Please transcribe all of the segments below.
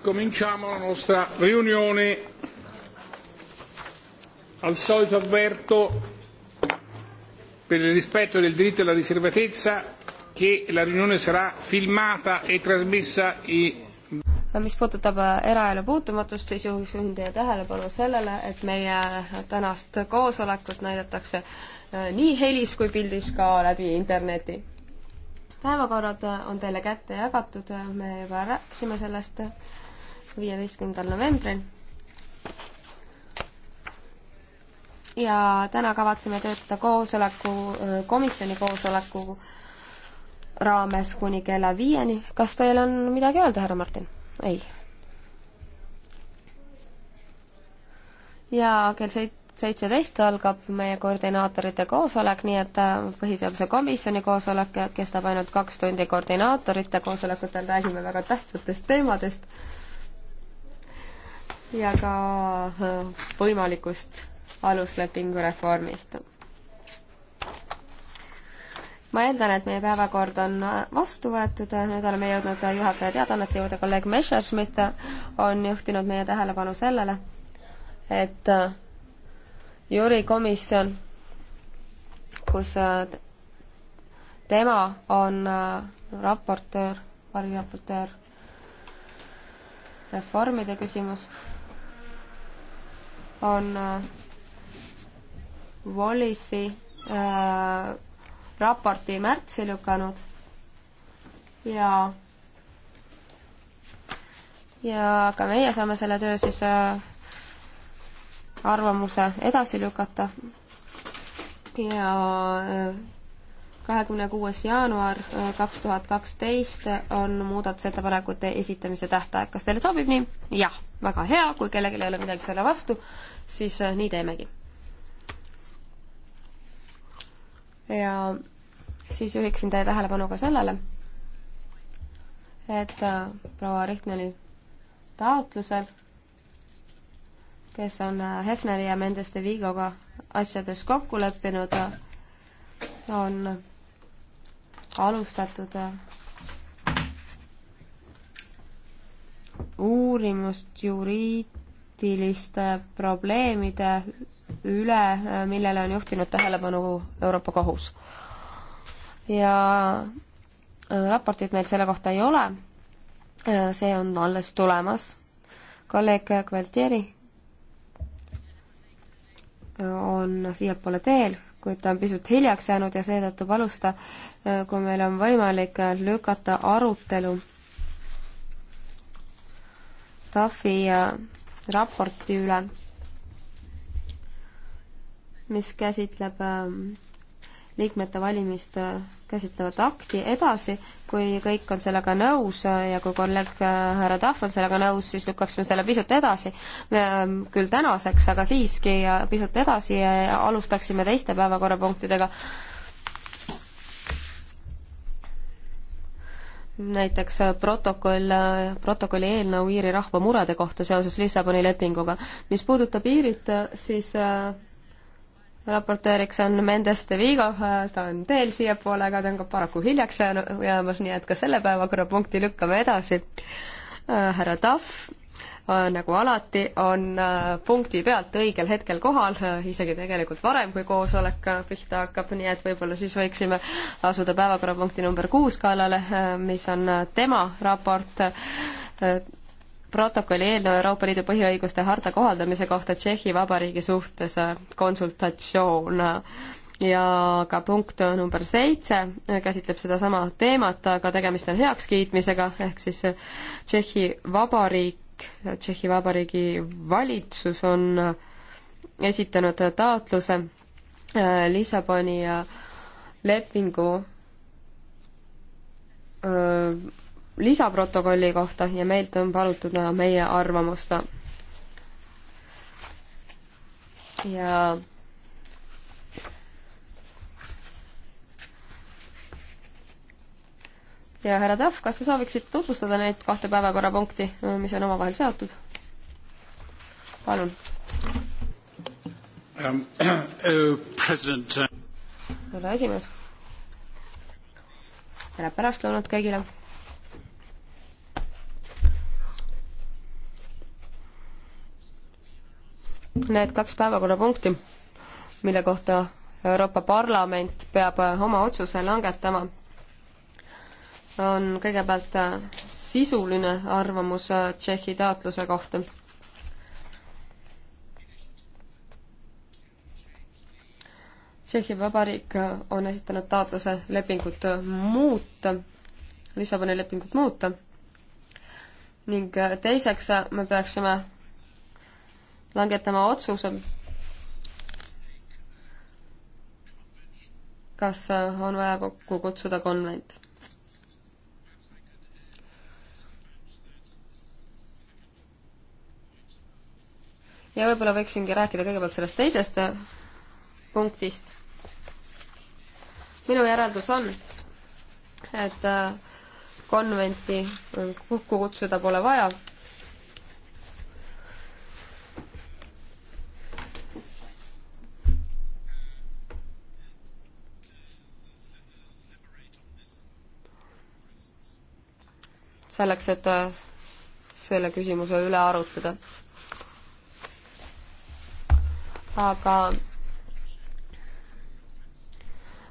Cominciamo la nostra riunione. Al solito avverto, per il rispetto del diritto alla e riservatezza, che la riunione sarà filmata e trasmessa i mis puudutab äh, eraelu puutumatust, siis juhin teie tähelepanu sellele, et meie tänast koosolekut näidatakse äh, nii helis kui pildis ka läbi interneti päevakorrad on teile kätte jagatud, me juba rääkisime sellest viieteistkümnendal novembril. ja täna kavatseme töötada koosoleku, komisjoni koosoleku raames kuni kella viieni. kas teil on midagi öelda, härra Martin? ei. ja kell seit-, seitseteist algab meie koordinaatorite koosolek, nii et äh, Põhiseaduse Komisjoni koosolek kestab ainult kaks tundi, koordinaatorite koosolekutel räägime väga tähtsatest teemadest ja ka äh, võimalikust aluslepingu reformist. ma eeldan, et meie päevakord on äh, vastu võetud, nüüd oleme jõudnud juhataja teadaannete juurde, kolleeg Messerschmidt on juhtinud meie tähelepanu sellele, et Jüri komisjon, kus äh, tema on äh, raportöör, variraportöör, reformide küsimus, on äh, Wallisi äh, raporti märtsi lükanud ja ja ka meie saame selle töö siis äh, arvamuse edasi lükata ja äh, kahekümne kuues jaanuar äh, kaks tuhat kaksteist on muudatusettepanekute esitamise tähtaeg. kas teile sobib nii? jah, väga hea, kui kellelgi ei ole midagi selle vastu, siis äh, nii teemegi. ja siis juhiksin teie tähelepanu ka sellele, et proua Rihtneli taotlusel kes on äh, Hefneri ja Mendeste Vigoga asjades kokku leppinud, äh, on alustatud äh, uurimust juriidiliste probleemide üle, millele on juhtinud tähelepanu Euroopa Kohus. ja raportit meil selle kohta ei ole, see on alles tulemas. kolleeg Gvaltieri on siiapoole teel, kuid ta on pisut hiljaks jäänud ja seetõttu palus ta, kui meil on võimalik, lükata arutelu TAFi äh, raporti üle, mis käsitleb ähm, liikmete valimist äh, käsitlevat akti edasi, kui kõik on sellega nõus äh, ja kui kolleeg äh, härra Tahv on sellega nõus, siis lükkaksime selle pisut edasi, ähm, küll tänaseks, aga siiski pisut edasi ja alustaksime teiste päevakorrapunktidega. näiteks protokoll, protokolli eelnõu Iiri rahva murede kohta seoses Lissaboni lepinguga. mis puudutab Iirit, siis äh, raportööriks on Mendes de Vigo, ta on teel siiapoole, aga ta on ka paraku hiljaks jäämas, nii et ka selle päevakorrapunkti lükkame edasi. Äh, härra Tahv, äh, nagu alati, on äh, punkti pealt õigel hetkel kohal, isegi tegelikult varem, kui koosolek pihta hakkab, nii et võib-olla siis võiksime asuda päevakorrapunkti number kuus kallale, mis on tema raport protokolli eelnõu Euroopa Liidu põhiõiguste harta kohaldamise kohta Tšehhi Vabariigi suhtes äh, konsultatsioon. ja ka punkt number seitse käsitleb sedasama teemat, aga tegemist on heakskiitmisega, ehk siis Tšehhi Vabariik, Tšehhi Vabariigi valitsus on esitanud taotluse äh, Lissaboni äh, lepingu lisaprotokolli kohta ja meilt on palutud meie arvamust. ja ja härra Tahv, kas sa sooviksid tutvustada neid kahte päevakorrapunkti, mis on omavahel seotud? palun um,. Uh, uh, härra esimees. tere pärastlõunat kõigile need kaks päevakorrapunkti, mille kohta Euroopa Parlament peab äh, oma otsuse langetama, on kõigepealt äh, sisuline arvamus äh, Tšehhi taotluse kohta. Tšehhi Vabariik on esitanud taotluse lepingut muuta, Lissaboni lepingut muuta ning teiseks me peaksime langetama otsuse, kas äh, on vaja kokku kutsuda konvent. ja võib-olla võiksingi rääkida kõigepealt sellest teisest äh, punktist. minu järeldus on, et äh, konventi kokku kutsuda pole vaja selleks, et äh, selle küsimuse üle arutleda. aga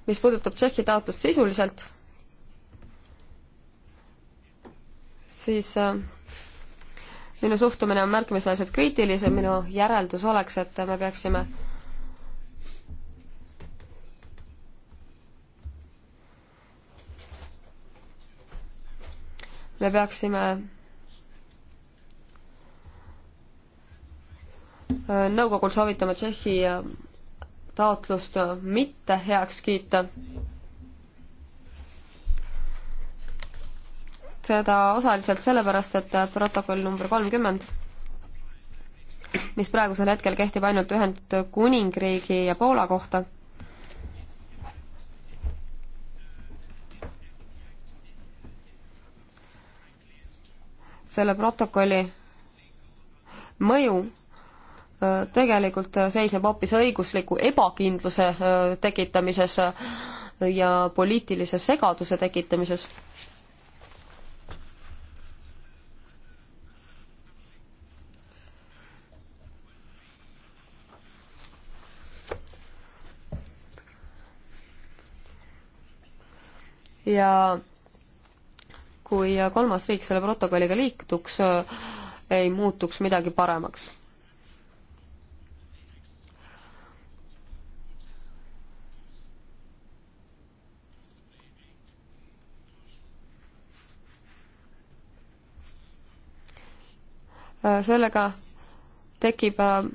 mis puudutab Tšehhi taotlust sisuliselt, siis äh, minu suhtumine on märkimisväärselt kriitilisem, minu järeldus oleks, et me peaksime me peaksime äh, nõukogul soovitama Tšehhi äh, taotlust äh, mitte heaks kiita. seda osaliselt sellepärast, et protokoll number kolmkümmend, mis praegusel hetkel kehtib ainult Ühendkuningriigi ja Poola kohta selle protokolli mõju äh, tegelikult seisneb hoopis õigusliku ebakindluse äh, tekitamises äh, ja poliitilise segaduse tekitamises. ja kui kolmas riik selle protokolliga liituks, ei muutuks midagi paremaks. sellega tekib äh,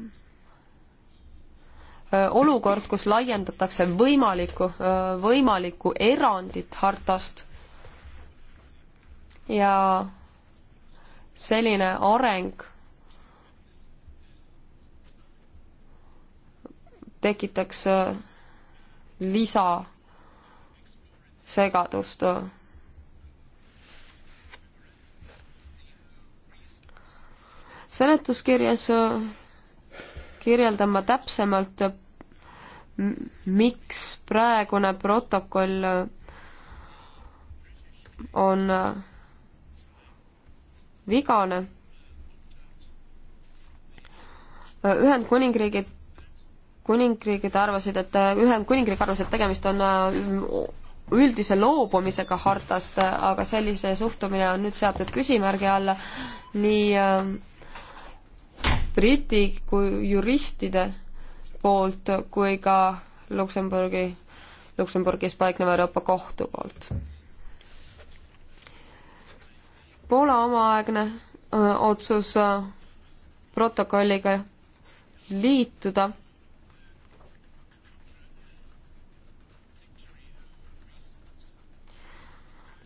olukord, kus laiendatakse võimalikku, äh, võimalikku erandit hartast ja selline areng tekitaks äh, lisasegadust. seletuskirjas äh, kirjeldan ma täpsemalt, äh, miks praegune protokoll on vigane. Ühendkuningriigi, kuningriigid arvasid, et Ühendkuningriik arvas, et tegemist on mm, üldise loobumisega hartast, aga sellise suhtumine on nüüd seatud küsimärgi alla nii äh, Briti kui juristide poolt kui ka Luksemburgi, Luksemburgis paikneva Euroopa Kohtu poolt Poola omaaegne otsus protokolliga liituda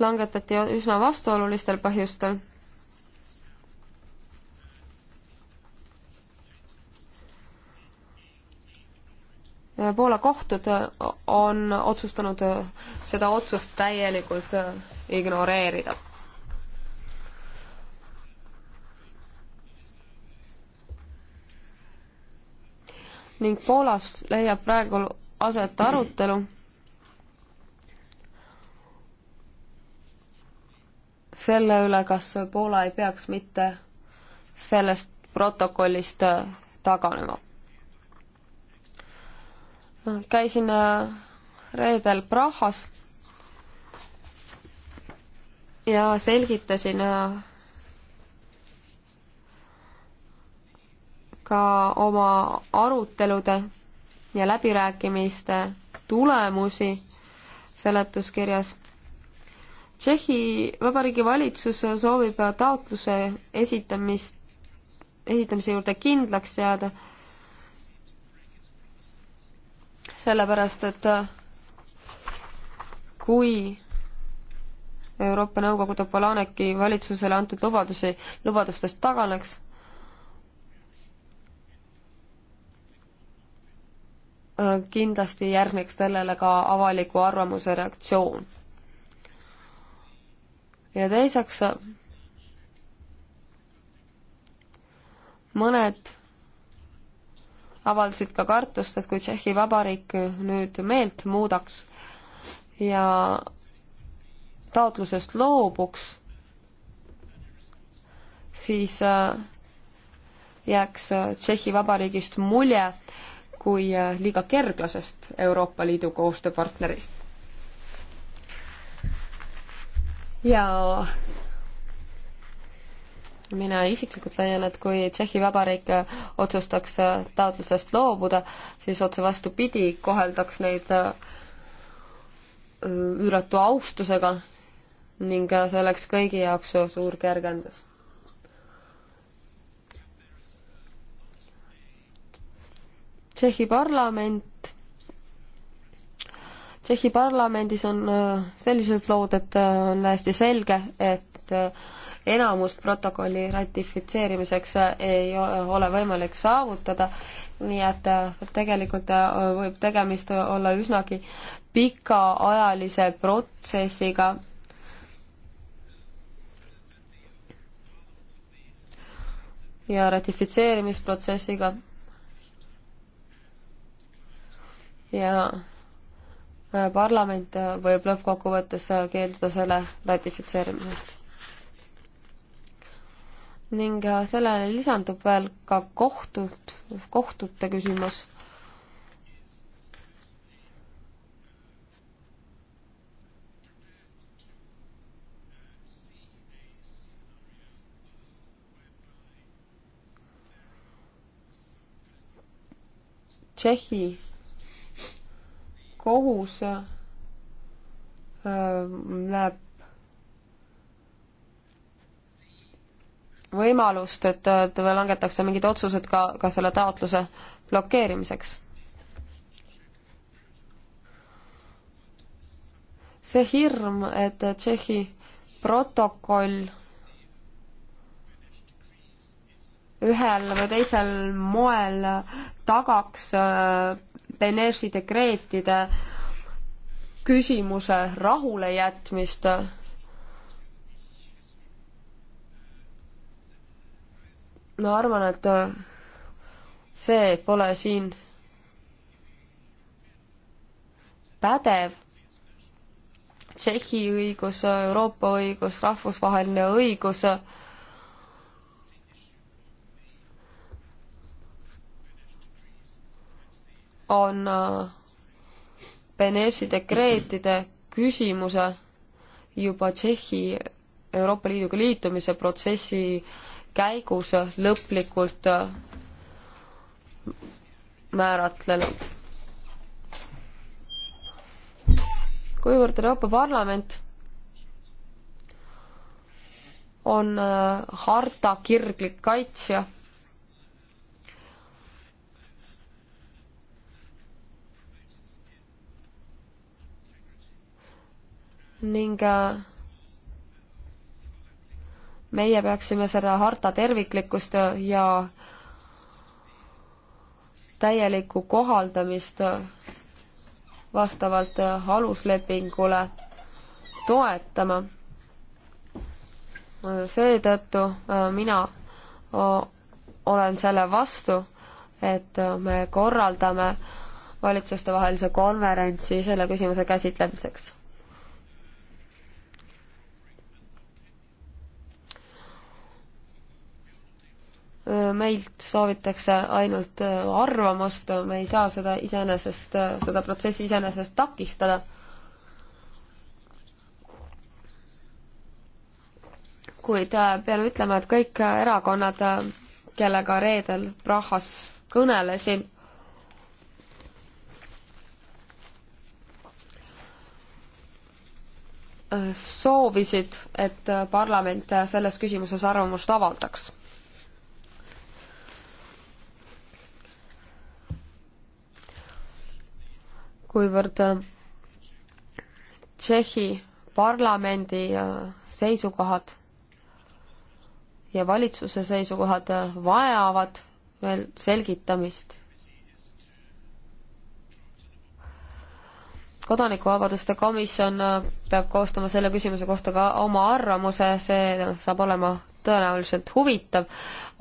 langetati üsna vastuolulistel põhjustel. Poola kohtud on otsustanud seda otsust täielikult ignoreerida ning Poolas leiab praegu aset arutelu selle üle, kas Poola ei peaks mitte sellest protokollist äh, taganema. käisin äh, reedel Prahas ja selgitasin äh, ka oma arutelude ja läbirääkimiste tulemusi seletuskirjas. Tšehhi Vabariigi valitsus soovib taotluse esitamist, esitamise juurde kindlaks jääda, sellepärast et kui Euroopa Nõukogu Topoláneki valitsusele antud lubadusi, lubadustest taganeks, Äh, kindlasti järgneks sellele ka avaliku arvamuse reaktsioon. ja teiseks, mõned avaldasid ka kartust, et kui Tšehhi Vabariik nüüd meelt muudaks ja taotlusest loobuks, siis äh, jääks Tšehhi Vabariigist mulje, kui äh, liiga kerglasest Euroopa Liidu koostööpartnerist. ja mina isiklikult leian, et kui Tšehhi Vabariik äh, otsustaks äh, taotlusest loobuda, siis otse vastupidi, koheldaks neid üüratu austusega ning see oleks kõigi jaoks suur kergendus Tšehhi parlament, Tšehhi parlamendis on äh, sellised lood, et äh, on täiesti selge, et äh, enamust protokolli ratifitseerimiseks ei ole võimalik saavutada, nii et tegelikult võib tegemist olla üsnagi pikaajalise protsessiga ja ratifitseerimisprotsessiga ja äh, parlament äh, võib lõppkokkuvõttes äh, keelduda selle ratifitseerimisest. ning sellele lisandub veel ka kohtud, kohtute küsimus Tšehhi kohus äh, näeb võimalust, et, et langetakse mingid otsused ka, ka selle taotluse blokeerimiseks. see hirm, et Tšehhi protokoll ühel või teisel moel tagaks äh, Benesi dekreetide küsimuse rahulejätmist ma arvan, et see pole siin pädev. Tšehhi õigus, Euroopa õigus, rahvusvaheline õigus on äh, Benesi dekreetide küsimuse juba Tšehhi Euroopa Liiduga liitumise protsessi käigus lõplikult äh, määratlenud. kuivõrd Euroopa Parlament on äh, harta kirglik kaitsja ning äh, meie peaksime seda harta terviklikkust ja täielikku kohaldamist vastavalt aluslepingule toetama. seetõttu äh, mina olen selle vastu, et me korraldame valitsustevahelise konverentsi selle küsimuse käsitlemiseks meilt soovitakse ainult äh, arvamust, me ei saa seda iseenesest, äh, seda protsessi iseenesest takistada. kuid äh, pean ütlema, et kõik erakonnad, kellega reedel Prahas kõnelesin, soovisid, et parlament selles küsimuses arvamust avaldaks kuivõrd äh, Tšehhi parlamendi äh, seisukohad ja valitsuse seisukohad äh, vajavad veel selgitamist. kodanikuvabaduste komisjon peab koostama selle küsimuse kohta ka oma arvamuse, see saab olema tõenäoliselt huvitav,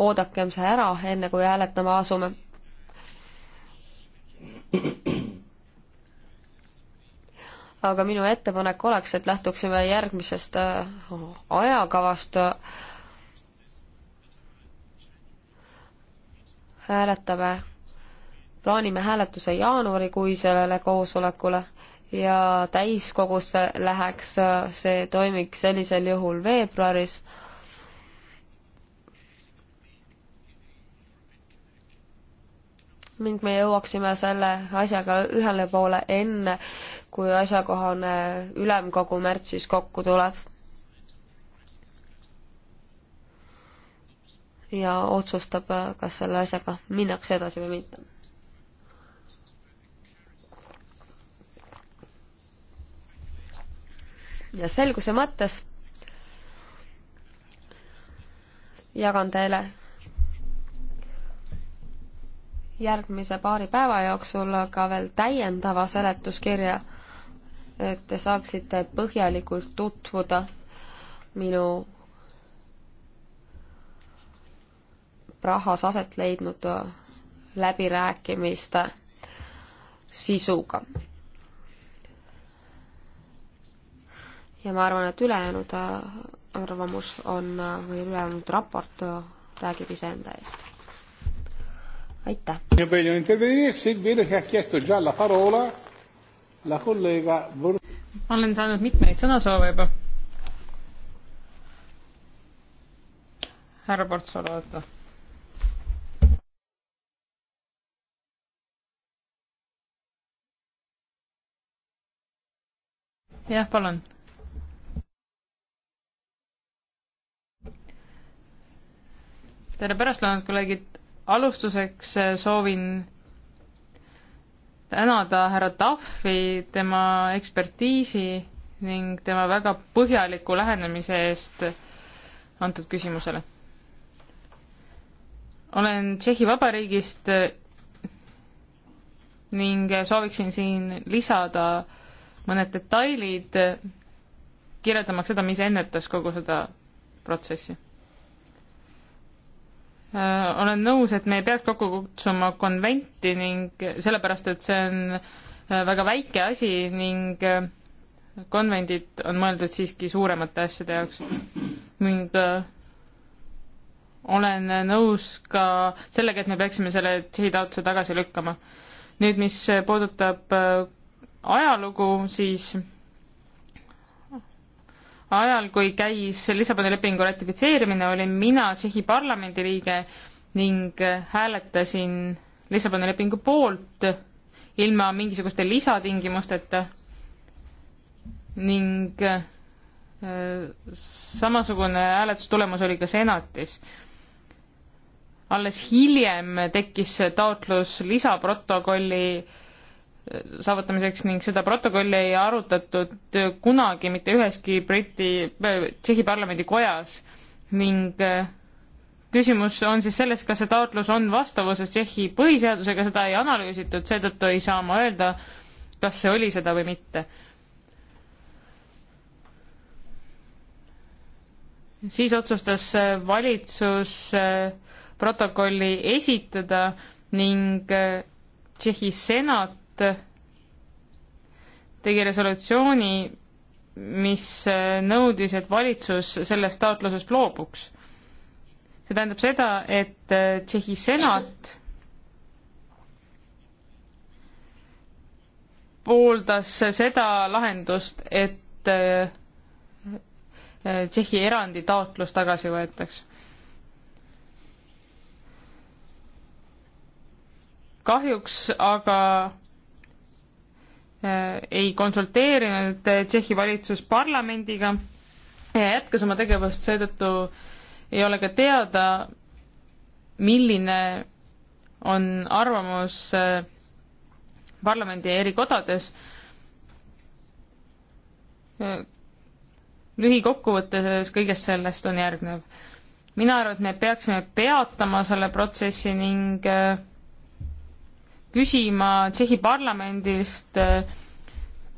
oodakem see ära, enne kui hääletama asume aga minu ettepanek oleks, et lähtuksime järgmisest äh, ajakavast. hääletame, plaanime hääletuse jaanuarikuisele koosolekule ja täiskogusse läheks, äh, see toimiks sellisel juhul veebruaris. ning me jõuaksime selle asjaga ühele poole enne kui asjakohane ülemkogu märtsis kokku tuleb. ja otsustab, kas selle asjaga minnakse edasi või mitte. ja selguse mõttes jagan teile järgmise paari päeva jooksul ka veel täiendava seletuskirja et te saaksite põhjalikult tutvuda minu Prahas aset leidnud läbirääkimiste sisuga. ja ma arvan, et ülejäänud äh, arvamus on, äh, või ülejäänud raport äh, räägib iseenda eest. aitäh! ma olen saanud mitmeid sõnasoove juba. härra Portsalu, oota. jah, palun. tere pärastlõunat, kolleegid. alustuseks soovin tänada härra Tahvi tema ekspertiisi ning tema väga põhjaliku lähenemise eest antud küsimusele. olen Tšehhi Vabariigist ning sooviksin siin lisada mõned detailid, kirjeldamaks seda, mis ennetas kogu seda protsessi Äh, olen nõus, et me ei peaks kokku kutsuma konventi ning sellepärast, et see on äh, väga väike asi ning äh, konvendid on mõeldud siiski suuremate asjade jaoks. ning olen nõus ka sellega, et me peaksime selle sihitaotluse tagasi lükkama. nüüd, mis puudutab ajalugu, siis ajal, kui käis Lissaboni lepingu ratifitseerimine, olin mina Tšehhi parlamendi liige ning hääletasin Lissaboni lepingu poolt ilma mingisuguste lisatingimusteta ning äh, samasugune hääletustulemus oli ka senatis. alles hiljem tekkis taotlus lisaprotokolli äh, saavutamiseks ning seda protokolli ei arutatud kunagi mitte üheski Briti, Tšehhi parlamendi kojas ning äh, küsimus on siis selles, kas see taotlus on vastavuses Tšehhi põhiseadusega, seda ei analüüsitud, seetõttu ei saa ma öelda, kas see oli seda või mitte. siis otsustas äh, valitsus äh, protokolli esitada ning Tšehhi senat parlament tegi resolutsiooni, mis nõudis, et valitsus sellest taotlusest loobuks. see tähendab seda, et Tšehhi senat pooldas seda lahendust, et Tšehhi erandi taotlus tagasi võetaks. kahjuks aga Äh, ei konsulteerinud äh, Tšehhi valitsus parlamendiga ja jätkas oma tegevust, seetõttu ei ole ka teada, milline on arvamus äh, parlamendi erikodades. lühikokkuvõttes kõigest sellest on järgnev. mina arvan, et me peaksime peatama selle protsessi ning äh, küsima Tšehhi parlamendist,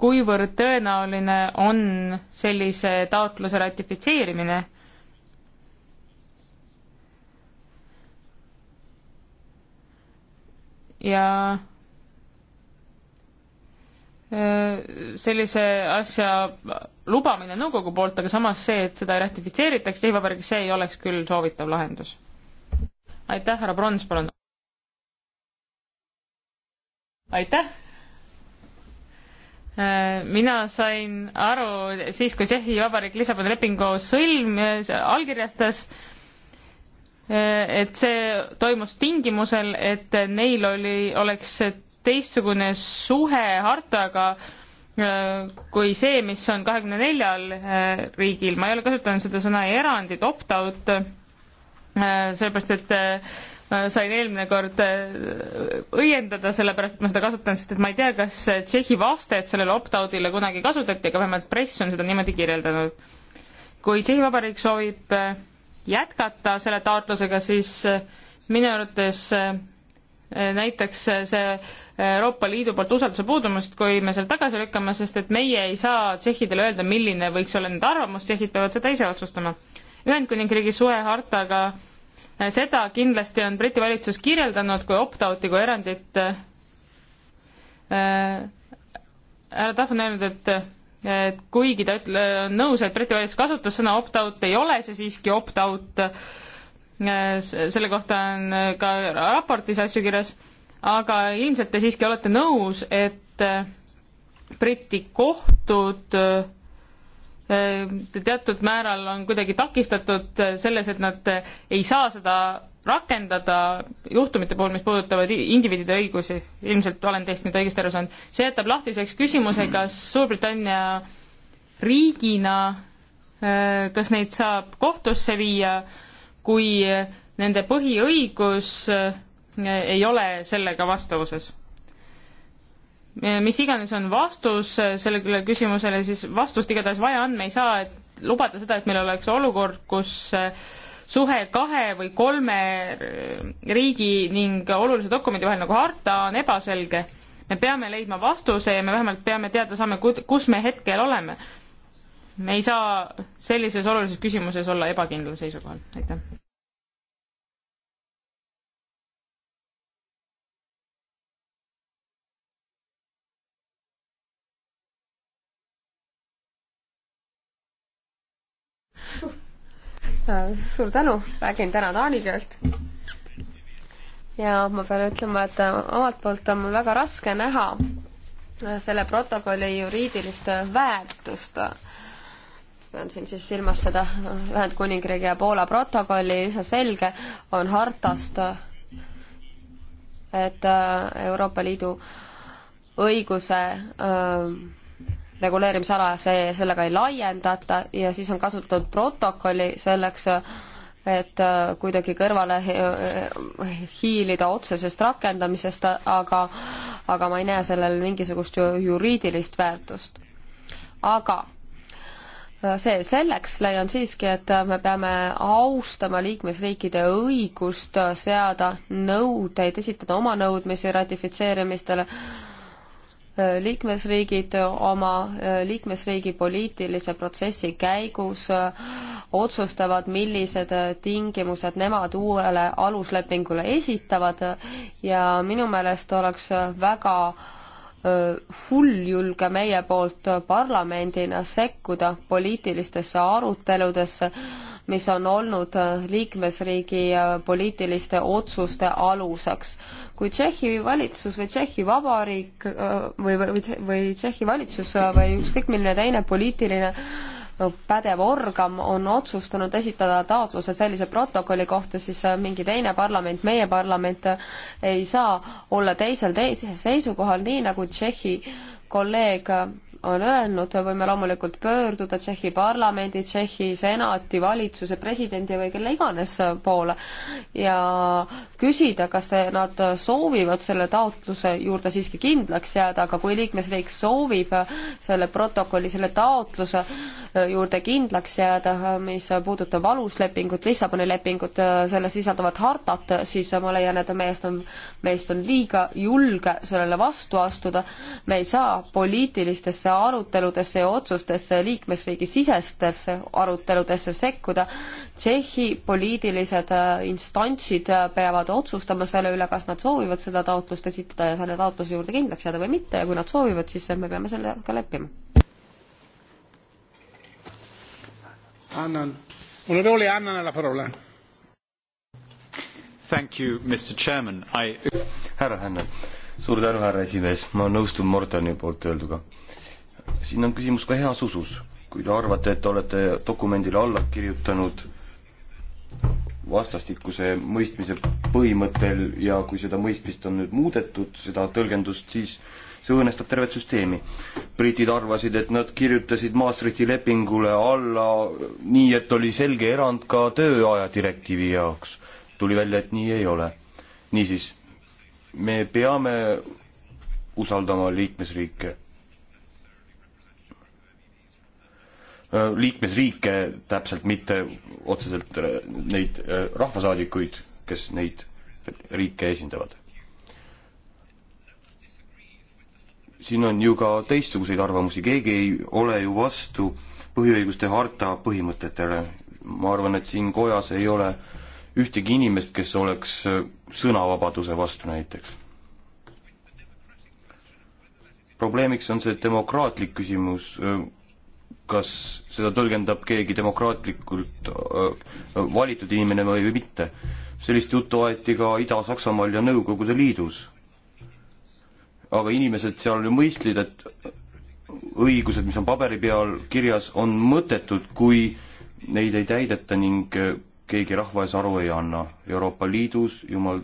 kuivõrd tõenäoline on sellise taotluse ratifitseerimine. ja sellise asja lubamine nõukogu poolt, aga samas see, et seda ei ratifitseeritaks Tšehhi Vabariigis, see ei oleks küll soovitav lahendus. aitäh, härra Brons, palun! aitäh! Äh, mina sain aru siis, kui Tšehhi Vabariik Lissaboni lepingu sõlmis, äh, allkirjastas, äh, et see toimus tingimusel, et neil oli, oleks teistsugune suhe hartaga kui see, mis on kahekümne neljal riigil. ma ei ole kasutanud seda sõna erandid, opt-out, sellepärast et sain eelmine kord äh, õiendada, sellepärast et ma seda kasutan, sest et ma ei tea, kas Tšehhi vastet sellele opt-out'ile kunagi kasutati, aga vähemalt press on seda niimoodi kirjeldanud. kui Tšehhi Vabariik soovib äh, jätkata selle taotlusega, siis äh, minu arvates näiteks see Euroopa Liidu poolt usalduse puudumist, kui me selle tagasi lükkame, sest et meie ei saa tšehhidele öelda, milline võiks olla nende arvamus, tšehhid peavad seda ise otsustama. Ühendkuningriigi suhe hartaga äh, seda kindlasti on Briti valitsus kirjeldanud kui opt-out'i, kui erandit. Äh, härra Tahv on öelnud, et et kuigi ta ütle, on nõus, et Briti valitsus kasutas sõna opt-out, ei ole see siiski opt-out. Äh, selle kohta on äh, ka raportis asju kirjas, aga ilmselt te siiski olete nõus, et Briti kohtud äh, Äh, teatud määral on kuidagi takistatud äh, selles, et nad äh, ei saa seda rakendada juhtumite puhul, mis puudutavad indiviidide õigusi, ilmselt olen teist nüüd õigesti aru saanud, see jätab lahtiseks küsimuse, kas Suurbritannia riigina, kas neid saab kohtusse viia, kui nende põhiõigus ei ole sellega vastavuses Eh, mis iganes on vastus eh, sellele küsimusele, siis vastust igatahes vaja on, me ei saa lubada seda, et meil oleks olukord, kus eh, suhe kahe või kolme riigi ning olulise dokumendi vahel nagu harta on ebaselge. me peame leidma vastuse ja me vähemalt peame teada saama, kus me hetkel oleme. me ei saa sellises olulises küsimuses olla ebakindlal seisukohal, aitäh. suur tänu, räägin täna taani keelt. ja ma pean ütlema, et äh, omalt poolt on mul väga raske näha äh, selle protokolli juriidilist äh, väärtust. pean siin siis silmas seda Ühendkuningriigi ja Poola protokolli, üsna selge on hartast, et Euroopa Liidu õiguse öö, reguleerimisala see, sellega ei laiendata ja siis on kasutatud protokolli selleks, et äh, kuidagi kõrvale äh, äh, hiilida otsesest rakendamisest, aga, aga ma ei näe sellel mingisugust juriidilist väärtust. aga see selleks, leian siiski, et me peame austama liikmesriikide õigust seada nõudeid, esitada oma nõudmisi ratifitseerimistele liikmesriigid oma äh, liikmesriigi poliitilise protsessi käigus äh, otsustavad, millised äh, tingimused nemad uuele aluslepingule esitavad ja minu meelest oleks väga hulljulge meie poolt parlamendina sekkuda poliitilistesse aruteludesse mis on olnud äh, liikmesriigi äh, poliitiliste otsuste aluseks. kui Tšehhi valitsus või Tšehhi Vabariik äh, või, või, või Tšehhi valitsus või ükskõik milline teine poliitiline pädev organ on otsustanud esitada taotluse sellise protokolli kohta, siis mingi teine parlament, meie parlament ei saa olla teisel teise seisukohal, nii nagu Tšehhi kolleeg on öelnud, võime loomulikult pöörduda Tšehhi parlamendi, Tšehhi senati, valitsuse, presidendi või kelle iganes poole ja küsida, kas te, nad soovivad selle taotluse juurde siiski kindlaks jääda, aga kui liikmesriik soovib selle protokolli, selle taotluse juurde kindlaks jääda, mis puudutab aluslepingut, Lissaboni lepingut, selles sisalduvat hartat, siis ma leian, et meest on, meist on liiga julge sellele vastu astuda, me ei saa poliitilistesse aruteludesse ja otsustesse, liikmesriigi sisestesse aruteludesse sekkuda. Tšehhi poliitilised äh, instantsid äh, peavad otsustama selle üle, kas nad soovivad seda taotlust esitada ja selle taotluse juurde kindlaks jääda või mitte ja kui nad soovivad, siis äh, me peame sellega leppima. annan, onorevole Annale la parola. Thank you, Mr Chairman, I härra Hännan suur tänu, härra esimees, ma nõustun Mordani poolt öelduga siin on küsimus ka heas usus. kui te arvate, et olete dokumendile alla kirjutanud vastastikuse mõistmise põhimõttel ja kui seda mõistmist on nüüd muudetud, seda tõlgendust, siis see õõnestab tervet süsteemi. britid arvasid, et nad kirjutasid Maastrichti lepingule alla nii, et oli selge erand ka tööaja direktiivi jaoks. tuli välja, et nii ei ole. niisiis, me peame usaldama liikmesriike Äh, liikmesriike täpselt, mitte otseselt äh, neid äh, rahvasaadikuid, kes neid riike esindavad. siin on ju ka teistsuguseid arvamusi, keegi ei ole ju vastu põhiõiguste harta põhimõtetele. ma arvan, et siin kojas ei ole ühtegi inimest, kes oleks sõnavabaduse vastu näiteks. probleemiks on see demokraatlik küsimus, kas seda tõlgendab keegi demokraatlikult äh, valitud inimene või mitte. sellist juttu aeti ka Ida-Saksamaal ja Nõukogude Liidus. aga inimesed seal ju mõistlid, et õigused, mis on paberi peal kirjas, on mõttetud, kui neid ei täideta ning äh, keegi rahva ees aru ei anna. Euroopa Liidus, jumal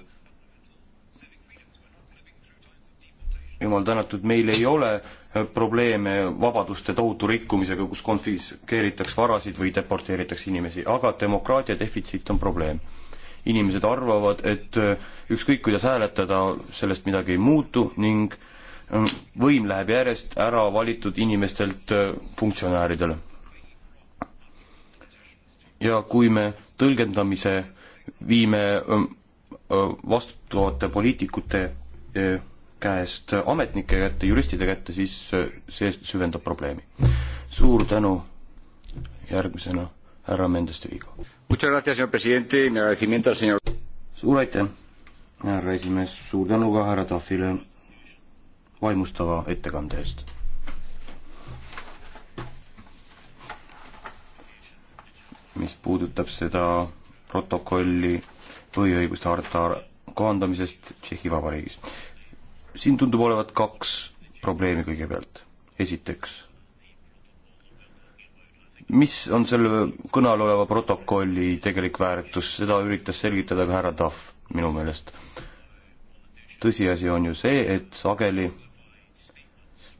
jumal tänatud, meil ei ole probleeme vabaduste tohutu rikkumisega, kus konfiskeeritakse varasid või deporteeritakse inimesi, aga demokraatia defitsiit on probleem. inimesed arvavad, et äh, ükskõik, kuidas hääletada, sellest midagi ei muutu ning äh, võim läheb järjest ära valitud inimestelt äh, funktsionääridele. ja kui me tõlgendamise viime vastutavate poliitikute käest ametnike kätte, juristide kätte, siis see süvendab probleemi. suur tänu, järgmisena härra Mendes de Vigo. suur aitäh, härra esimees, suur tänu ka härra Tahvile vaimustava ettekande eest. mis puudutab seda protokolli põhiõiguste harta kohandamisest Tšehhi Vabariigis siin tundub olevat kaks probleemi kõigepealt. esiteks, mis on selle kõne all oleva protokolli tegelik väärtus, seda üritas selgitada ka härra Tahv minu meelest. tõsiasi on ju see, et sageli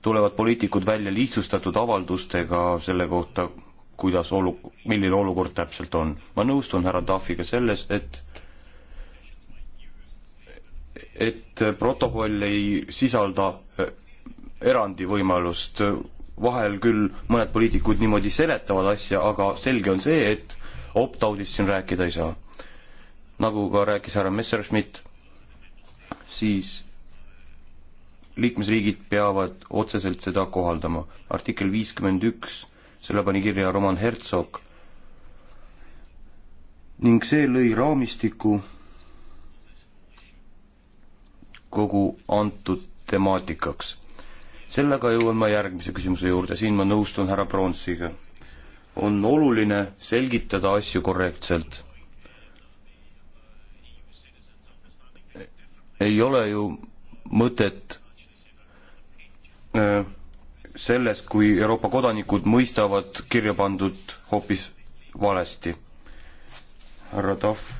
tulevad poliitikud välja lihtsustatud avaldustega selle kohta, kuidas olu-, milline olukord täpselt on. ma nõustun härra Tahviga selles, et et protokoll ei sisalda eh, erandivõimalust, vahel küll mõned poliitikud niimoodi seletavad asja, aga selge on see, et opt-out'ist siin rääkida ei saa. nagu ka rääkis härra Messerschmidt, siis liikmesriigid peavad otseselt seda kohaldama. artikkel viiskümmend üks, selle pani kirja Roman Herzog ning see lõi raamistiku kogu antud temaatikaks. sellega jõuan ma järgmise küsimuse juurde, siin ma nõustun härra Pronsiga. on oluline selgitada asju korrektselt. ei ole ju mõtet äh, selles, kui Euroopa kodanikud mõistavad kirja pandud hoopis valesti. härra Tahv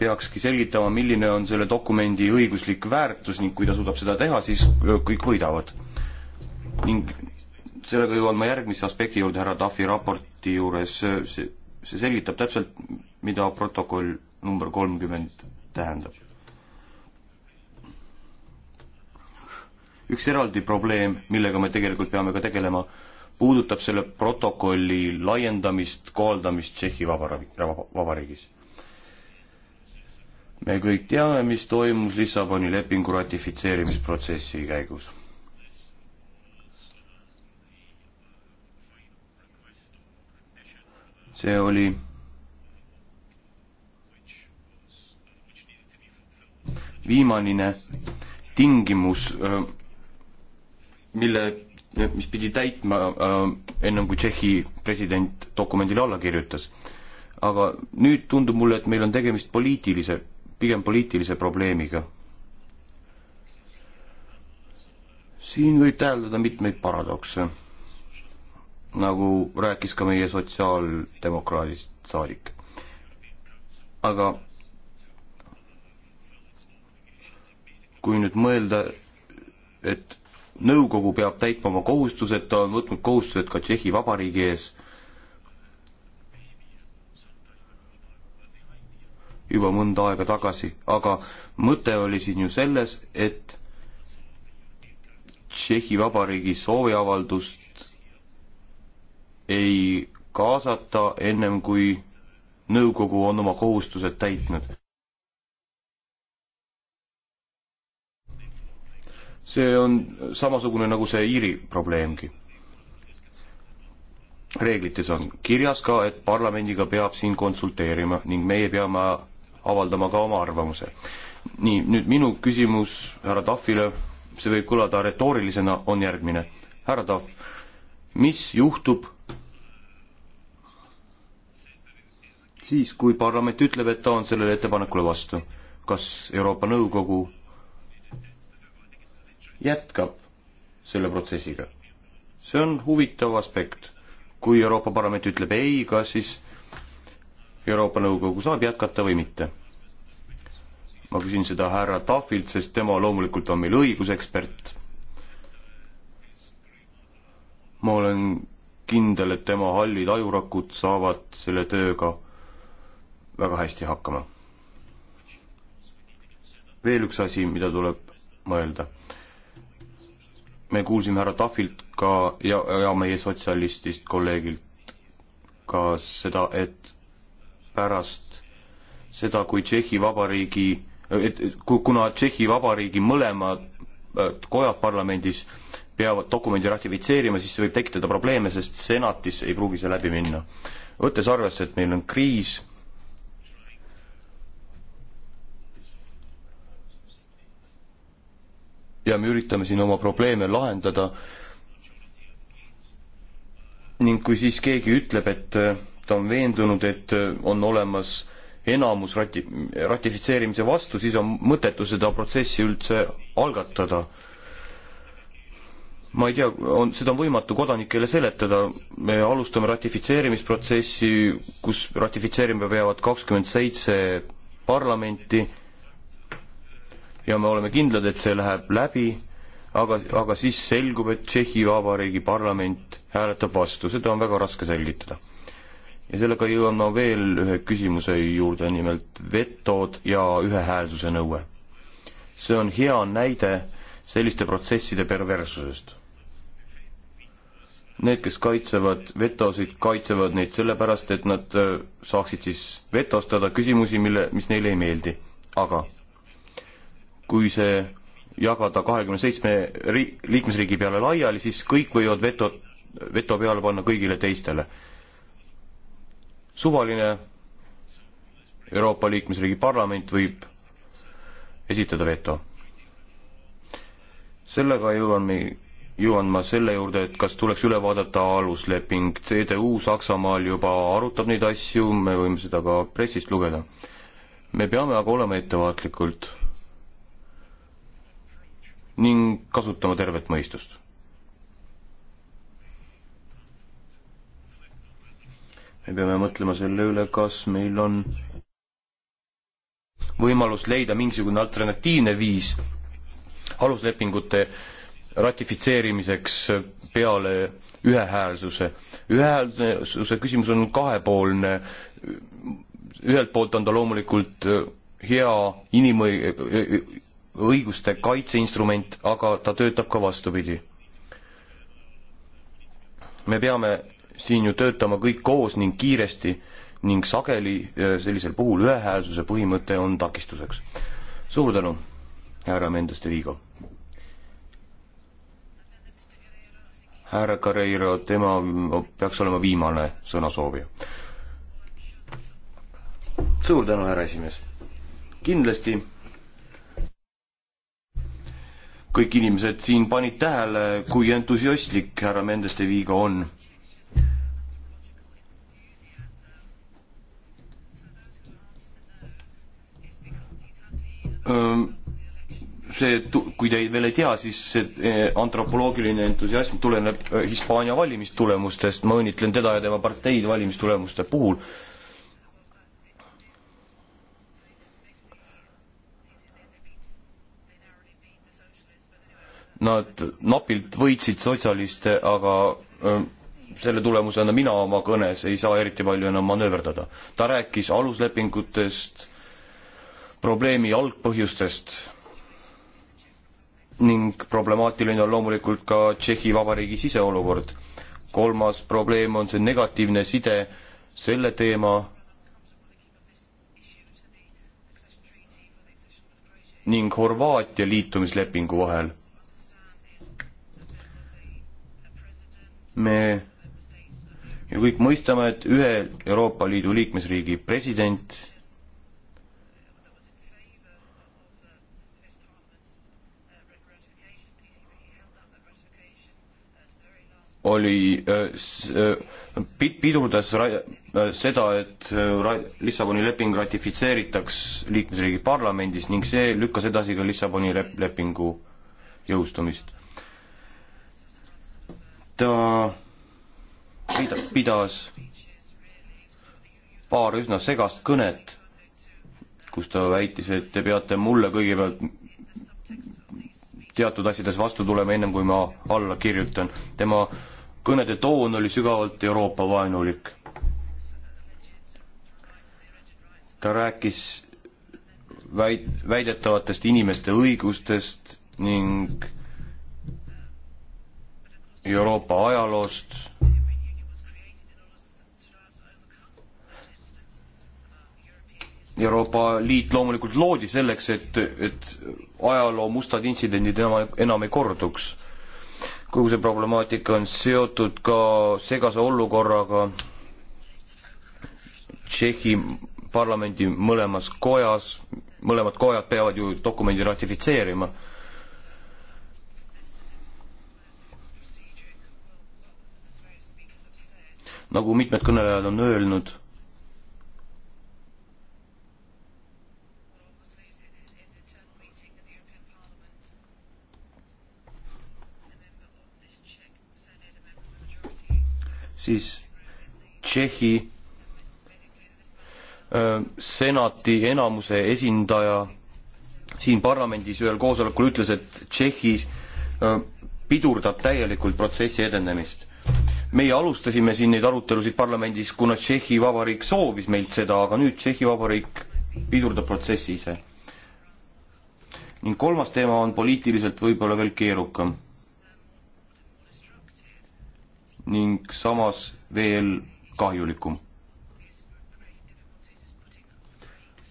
peakski selgitama, milline on selle dokumendi õiguslik väärtus ning kui ta suudab seda teha, siis kõik võidavad. ning sellega jõuan ma järgmise aspekti juurde härra Tafi raporti juures, see, see selgitab täpselt, mida protokoll number kolmkümmend tähendab. üks eraldi probleem, millega me tegelikult peame ka tegelema, puudutab selle protokolli laiendamist, kohaldamist Tšehhi vabariigis me kõik teame, mis toimus Lissaboni lepingu ratifitseerimisprotsessi käigus. see oli viimane tingimus, äh, mille, mis pidi täitma äh, ennem kui Tšehhi president dokumendile alla kirjutas. aga nüüd tundub mulle, et meil on tegemist poliitilise pigem poliitilise probleemiga. siin võib täheldada mitmeid paradokse, nagu rääkis ka meie sotsiaaldemokraadist saadik. aga kui nüüd mõelda, et nõukogu peab täitma oma kohustused, ta on võtnud kohustused ka Tšehhi Vabariigi ees juba mõnda aega tagasi, aga mõte oli siin ju selles, et Tšehhi Vabariigi sooviavaldust ei kaasata ennem, kui nõukogu on oma kohustused täitnud. see on samasugune nagu see Iiri probleemgi reeglites on kirjas ka, et parlamendiga peab siin konsulteerima ning meie peame avaldama ka oma arvamuse. nii, nüüd minu küsimus härra Tahvile, see võib kõlada retoorilisena, on järgmine. härra Tahv, mis juhtub siis, kui parlament ütleb, et ta on sellele ettepanekule vastu? kas Euroopa Nõukogu jätkab selle protsessiga? see on huvitav aspekt. kui Euroopa Parlament ütleb ei, kas siis Euroopa Nõukogu saab jätkata või mitte? ma küsin seda härra Tahvilt, sest tema loomulikult on meil õigusekspert. ma olen kindel, et tema hallid ajurakud saavad selle tööga väga hästi hakkama. veel üks asi, mida tuleb mõelda. me kuulsime härra Tahvilt ka ja, ja meie sotsialistist kolleegilt ka seda, et pärast seda, kui Tšehhi Vabariigi, et kuna Tšehhi Vabariigi mõlemad äh, kojad parlamendis peavad dokumendi ratifitseerima, siis see võib tekitada probleeme, sest senatis ei pruugi see läbi minna. võttes arvesse, et meil on kriis, ja me üritame siin oma probleeme lahendada ning kui siis keegi ütleb, et äh, ta on veendunud, et äh, on olemas enamus rati-, ratifitseerimise vastu, siis on mõttetu seda protsessi üldse algatada. ma ei tea, on, seda on võimatu kodanikele seletada, me alustame ratifitseerimisprotsessi, kus ratifitseerima peavad kakskümmend seitse parlamenti ja me oleme kindlad, et see läheb läbi, aga, aga siis selgub, et Tšehhi Vabariigi parlament hääletab vastu, seda on väga raske selgitada ja sellega jõuan ma veel ühe küsimuse juurde, nimelt vetod ja ühehäälsuse nõue. see on hea näide selliste protsesside perverssusest. Need, kes kaitsevad vetosid, kaitsevad neid sellepärast, et nad äh, saaksid siis vetostada küsimusi, mille, mis neile ei meeldi. aga kui see jagada kahekümne seitsme ri-, liikmesriigi peale laiali, siis kõik võivad veto, veto peale panna kõigile teistele suvaline Euroopa liikmesriigi parlament võib esitada veto. sellega jõuan me, jõuan ma selle juurde, et kas tuleks üle vaadata alusleping, CDU Saksamaal juba arutab neid asju, me võime seda ka pressist lugeda. me peame aga olema ettevaatlikult ning kasutama tervet mõistust. me peame mõtlema selle üle, kas meil on võimalus leida mingisugune alternatiivne viis aluslepingute ratifitseerimiseks peale ühehäälsuse. ühehäälsuse küsimus on kahepoolne, ühelt poolt on ta loomulikult hea inimõi-, õiguste kaitseinstrument, aga ta töötab ka vastupidi. me peame siin ju töötama kõik koos ning kiiresti ning sageli äh, sellisel puhul ühehäälsuse põhimõte on takistuseks. suur tänu, härra Mendes de Vigo. härra Carreiro, tema peaks olema viimane sõnasoovija. suur tänu, härra esimees. kindlasti kõik inimesed siin panid tähele, kui entusiastlik härra Mendes de Vigo on see, kui te ei, veel ei tea, siis see eh, antropoloogiline entusiasm tuleneb eh, Hispaania valimistulemustest, ma õnnitlen teda ja tema parteid valimistulemuste puhul. Nad napilt võitsid sotsialiste, aga selle tulemusena mina oma kõnes ei saa eriti palju enam manööverdada. ta rääkis aluslepingutest probleemi algpõhjustest ning problemaatiline on loomulikult ka Tšehhi Vabariigi siseolukord. kolmas probleem on see negatiivne side selle teema ning Horvaatia liitumislepingu vahel. me ju kõik mõistame, et ühe Euroopa Liidu liikmesriigi president oli äh, äh, pidurdas äh, seda, et Lissaboni leping ratifitseeritaks liikmesriigi parlamendis ning see lükkas edasi ka Lissaboni lep-, lepingu jõustumist. ta pida-, pidas paar üsna segast kõnet, kus ta väitis, et te peate mulle kõigepealt teatud asjades vastu tulema, ennem kui ma alla kirjutan. tema äh, kõnede toon oli sügavalt Euroopa-vaenulik. ta rääkis väid-, väidetavatest inimeste õigustest ning Euroopa ajaloost, Euroopa Liit loomulikult loodi selleks, et, et ajaloo mustad intsidendid enam, enam ei korduks kogu see problemaatika on seotud ka segase olukorraga Tšehhi parlamendi mõlemas kojas, mõlemad kojad peavad ju dokumendi ratifitseerima nagu mitmed kõnelejad on öelnud, siis Tšehhi senati enamuse esindaja siin parlamendis ühel koosolekul ütles, et Tšehhi pidurdab täielikult protsessi edenemist. meie alustasime siin neid arutelusid parlamendis, kuna Tšehhi Vabariik soovis meilt seda, aga nüüd Tšehhi Vabariik pidurdab protsessi ise. ning kolmas teema on poliitiliselt võib-olla veel keerukam ning samas veel kahjulikum.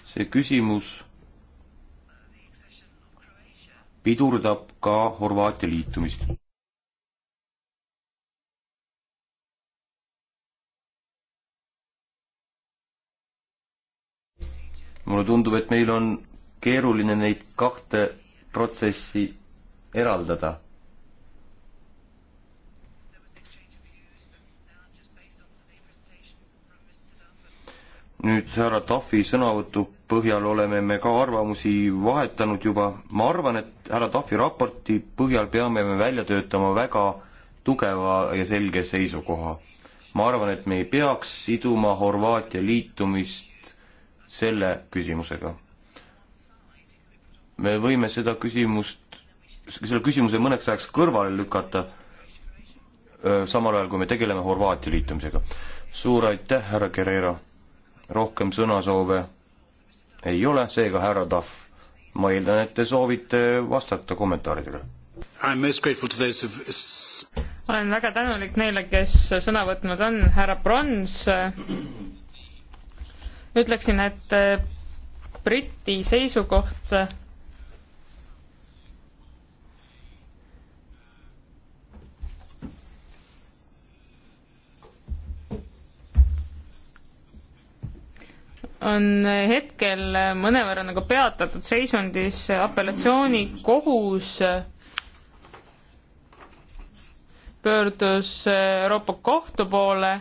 see küsimus pidurdab ka Horvaatia liitumist. mulle tundub, et meil on keeruline neid kahte protsessi eraldada nüüd härra Tafi sõnavõtu põhjal oleme me ka arvamusi vahetanud juba, ma arvan, et härra Tafi raporti põhjal peame me välja töötama väga tugeva ja selge seisukoha. ma arvan, et me ei peaks siduma Horvaatia liitumist selle küsimusega. me võime seda küsimust, selle küsimuse mõneks ajaks kõrvale lükata, samal ajal kui me tegeleme Horvaatia liitumisega. suur aitäh, härra Guerrero! rohkem sõnasoove ei ole, seega härra Tahv, ma eeldan, et te soovite vastata kommentaaridele. olen väga tänulik neile, kes sõna võtnud on, härra Brons, ütleksin, et äh, Briti seisukoht on hetkel mõnevõrra nagu peatatud seisundis apellatsioonikohus pöördus Euroopa Kohtu poole,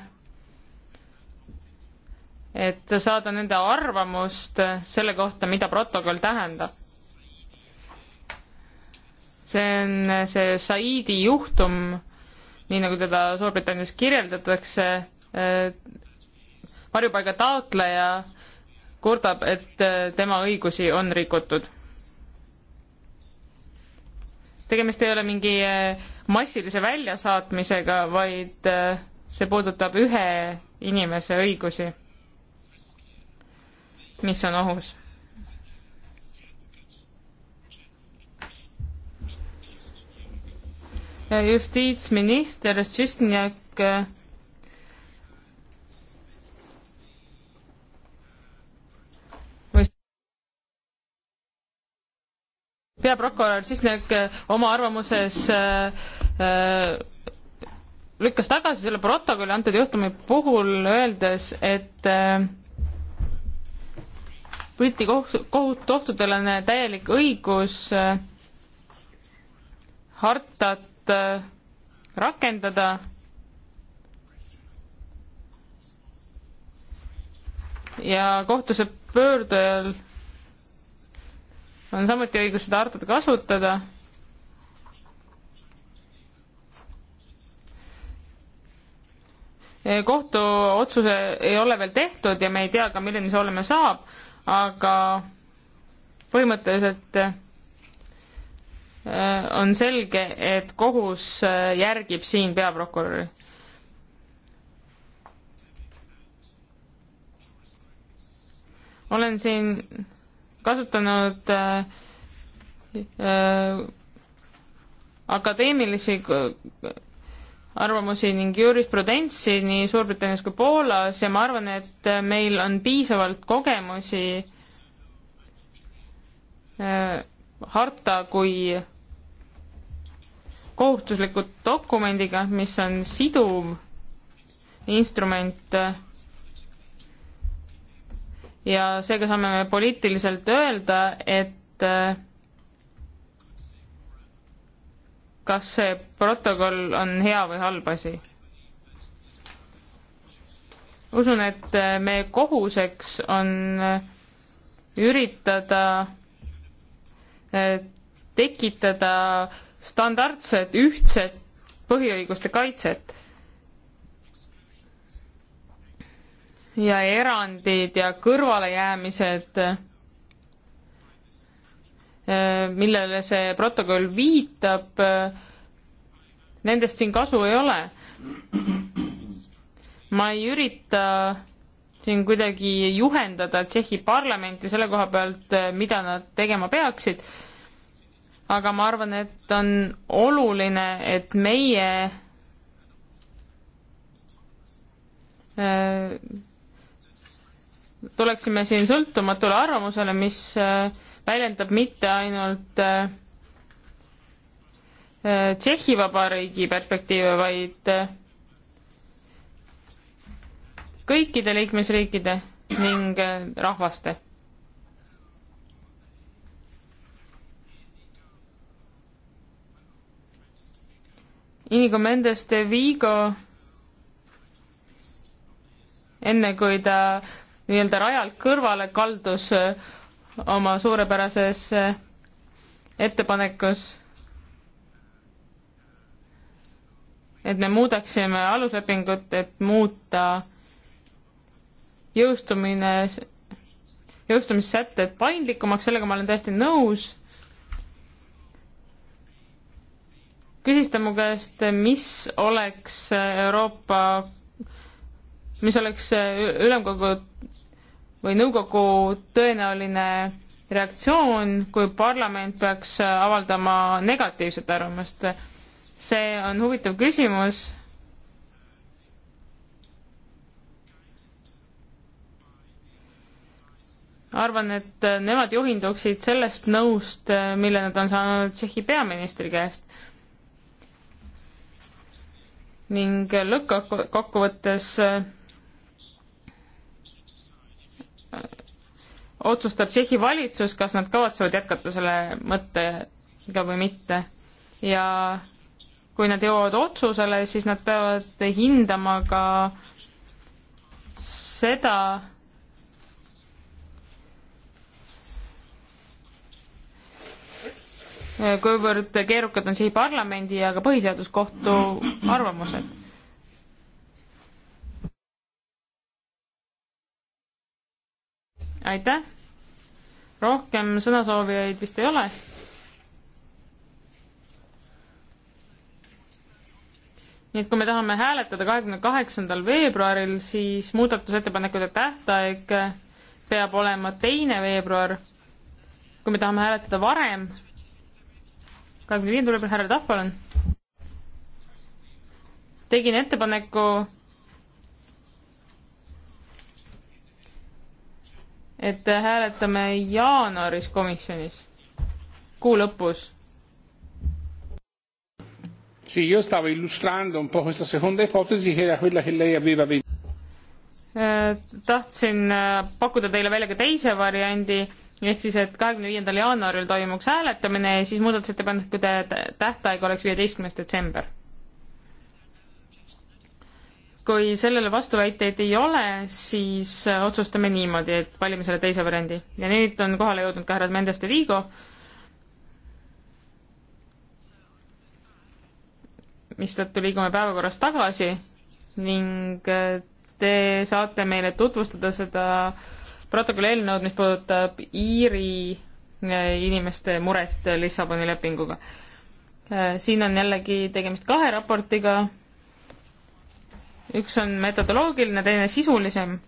et saada nende arvamust selle kohta, mida protokoll tähendab. see on see Saidi juhtum, nii nagu teda Suurbritannias kirjeldatakse, eh, varjupaiga taotleja äh, kurdab, et äh, tema õigusi on rikutud. tegemist ei ole mingi äh, massilise väljasaatmisega, vaid äh, see puudutab ühe inimese õigusi, mis on ohus. justiitsminister Tšistnjak peaprokurör Sisnek äh, oma arvamuses äh, äh, lükkas tagasi selle protokolli antud juhtumi puhul, öeldes, et Briti kohut, kohtudel on täielik õigus hartat rakendada ja kohtusse pöördujal on samuti õigus seda hartat kasutada. kohtuotsuse ei ole veel tehtud ja me ei tea ka, milline see olema saab, aga põhimõtteliselt äh, on selge, et kohus äh, järgib siin peaprokuröri. olen siin kasutanud äh, äh, akadeemilisi äh, arvamusi ning jurisprudentsi nii Suurbritannias kui Poolas ja ma arvan, et meil on piisavalt kogemusi harta kui kohustusliku dokumendiga, mis on siduv instrument ja seega saame me poliitiliselt öelda, et eh, kas see protokoll on hea või halb asi. usun, et eh, meie kohuseks on eh, üritada tekitada standardset ühtset põhiõiguste kaitset ja erandid ja kõrvalejäämised, eh, millele see protokoll viitab, eh, nendest siin kasu ei ole. ma ei ürita siin kuidagi juhendada Tšehhi parlamenti selle koha pealt, eh, mida nad tegema peaksid, aga ma arvan, et on oluline, et meie tuleksime siin sõltumatule arvamusele, mis äh, väljendab mitte ainult äh, äh, Tšehhi Vabariigi perspektiive, vaid kõikide liikmesriikide ning rahvaste. Inigo Mendes de Vigo enne kui ta nii-öelda rajalt kõrvale kaldus äh, oma suurepärases äh, ettepanekus, et me muudaksime aluslepingut, et muuta jõustumine, jõustumissätted paindlikumaks, sellega ma olen täiesti nõus. küsis ta mu käest, mis oleks Euroopa, mis oleks äh, ülemkogu või nõukogu tõenäoline reaktsioon, kui parlament peaks avaldama negatiivset arvamust. see on huvitav küsimus. arvan, et nemad juhinduksid sellest nõust, mille nad on saanud Tšehhi peaministri käest. ning lõppkokkuvõttes kokku, otsustab Tšehhi valitsus, kas nad kavatsevad jätkata selle mõttega või mitte. ja kui nad jõuavad otsusele, siis nad peavad hindama ka seda, kuivõrd keerukad on siin parlamendi ja ka põhiseaduskohtu arvamused aitäh! rohkem sõnasoovijaid vist ei ole. nii et kui me tahame hääletada kahekümne kaheksandal veebruaril, siis muudatusettepanekute tähtaeg peab olema teine veebruar. kui me tahame hääletada varem, kahekümne viiendal veebruaril, härra Tahv, palun. tegin ettepaneku et hääletame jaanuaris komisjonis, kuu lõpus. Sì, io stavo illustrando un po' questa seconda ipotesi che era quella che lei aveva äh, tahtsin äh, pakkuda teile välja ka teise variandi, ehk siis, et kahekümne viiendal jaanuaril toimuks hääletamine ja siis muudatusettepanekute tähtaeg oleks viieteistkümnes detsember kui sellele vastuväiteid ei ole, siis äh, otsustame niimoodi, et valime selle teise variandi. ja nüüd on kohale jõudnud ka härrad Mendes de Vigo, mistõttu liigume päevakorras tagasi ning äh, te saate meile tutvustada seda protokolli eelnõud, mis puudutab Iiri äh, inimeste muret Lissaboni lepinguga. siin on jällegi tegemist kahe raportiga üks on metodoloogiline, teine sisulisem.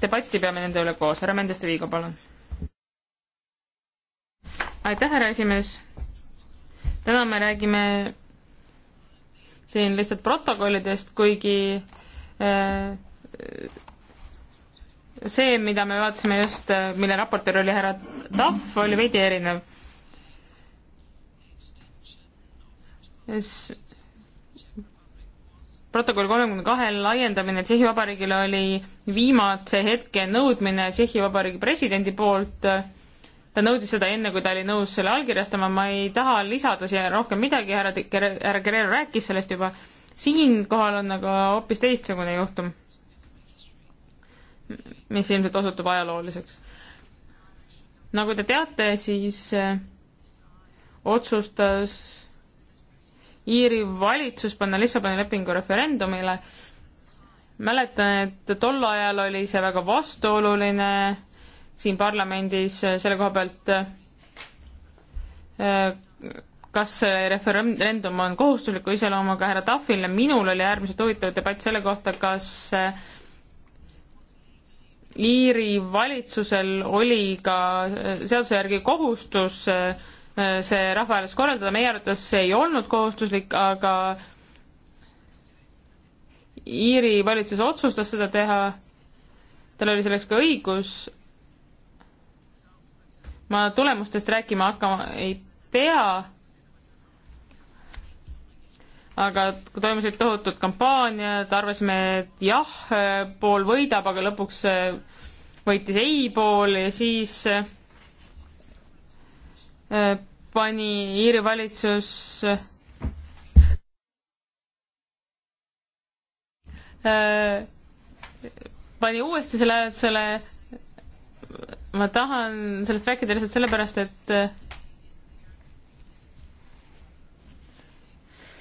debatti peame nende üle koos, härra Mendeste Viigo, palun. aitäh, härra esimees. täna me räägime siin lihtsalt protokollidest, kuigi äh, see, mida me vaatasime just, äh, mille raportöör oli härra Tahv, oli veidi erinev protokoll kolmekümne kahe laiendamine Tšehhi Vabariigile oli viimase hetke nõudmine Tšehhi Vabariigi presidendi poolt. ta nõudis seda enne, kui ta oli nõus selle allkirjastama, ma ei taha lisada siia rohkem midagi, härra, härra Guerrero rääkis sellest juba. siinkohal on aga hoopis teistsugune juhtum, mis ilmselt osutub ajalooliseks. nagu te teate, siis eh, otsustas Iiri valitsus panna Lissaboni lepingu referendumile. mäletan, et tol ajal oli see väga vastuoluline siin parlamendis äh, selle koha pealt, äh, kas see referendum on kohustusliku iseloomuga härra Tahvile, minul oli äärmiselt huvitav debatt selle kohta, kas äh, Iiri valitsusel oli ka seaduse järgi kohustus äh, Äh, see rahvahääletus korraldada, meie arvates see ei olnud kohustuslik, aga Iiri valitsus otsustas seda teha, tal oli selleks ka õigus, ma tulemustest rääkima hakkama ei pea, aga kui toimusid tohutud kampaaniad, arvasime, et jah, pool võidab, aga lõpuks äh, võitis ei pool ja siis äh, Äh, pani Iiri valitsus äh, pani uuesti selle hääletusele. ma tahan sellest rääkida lihtsalt sellepärast, et äh,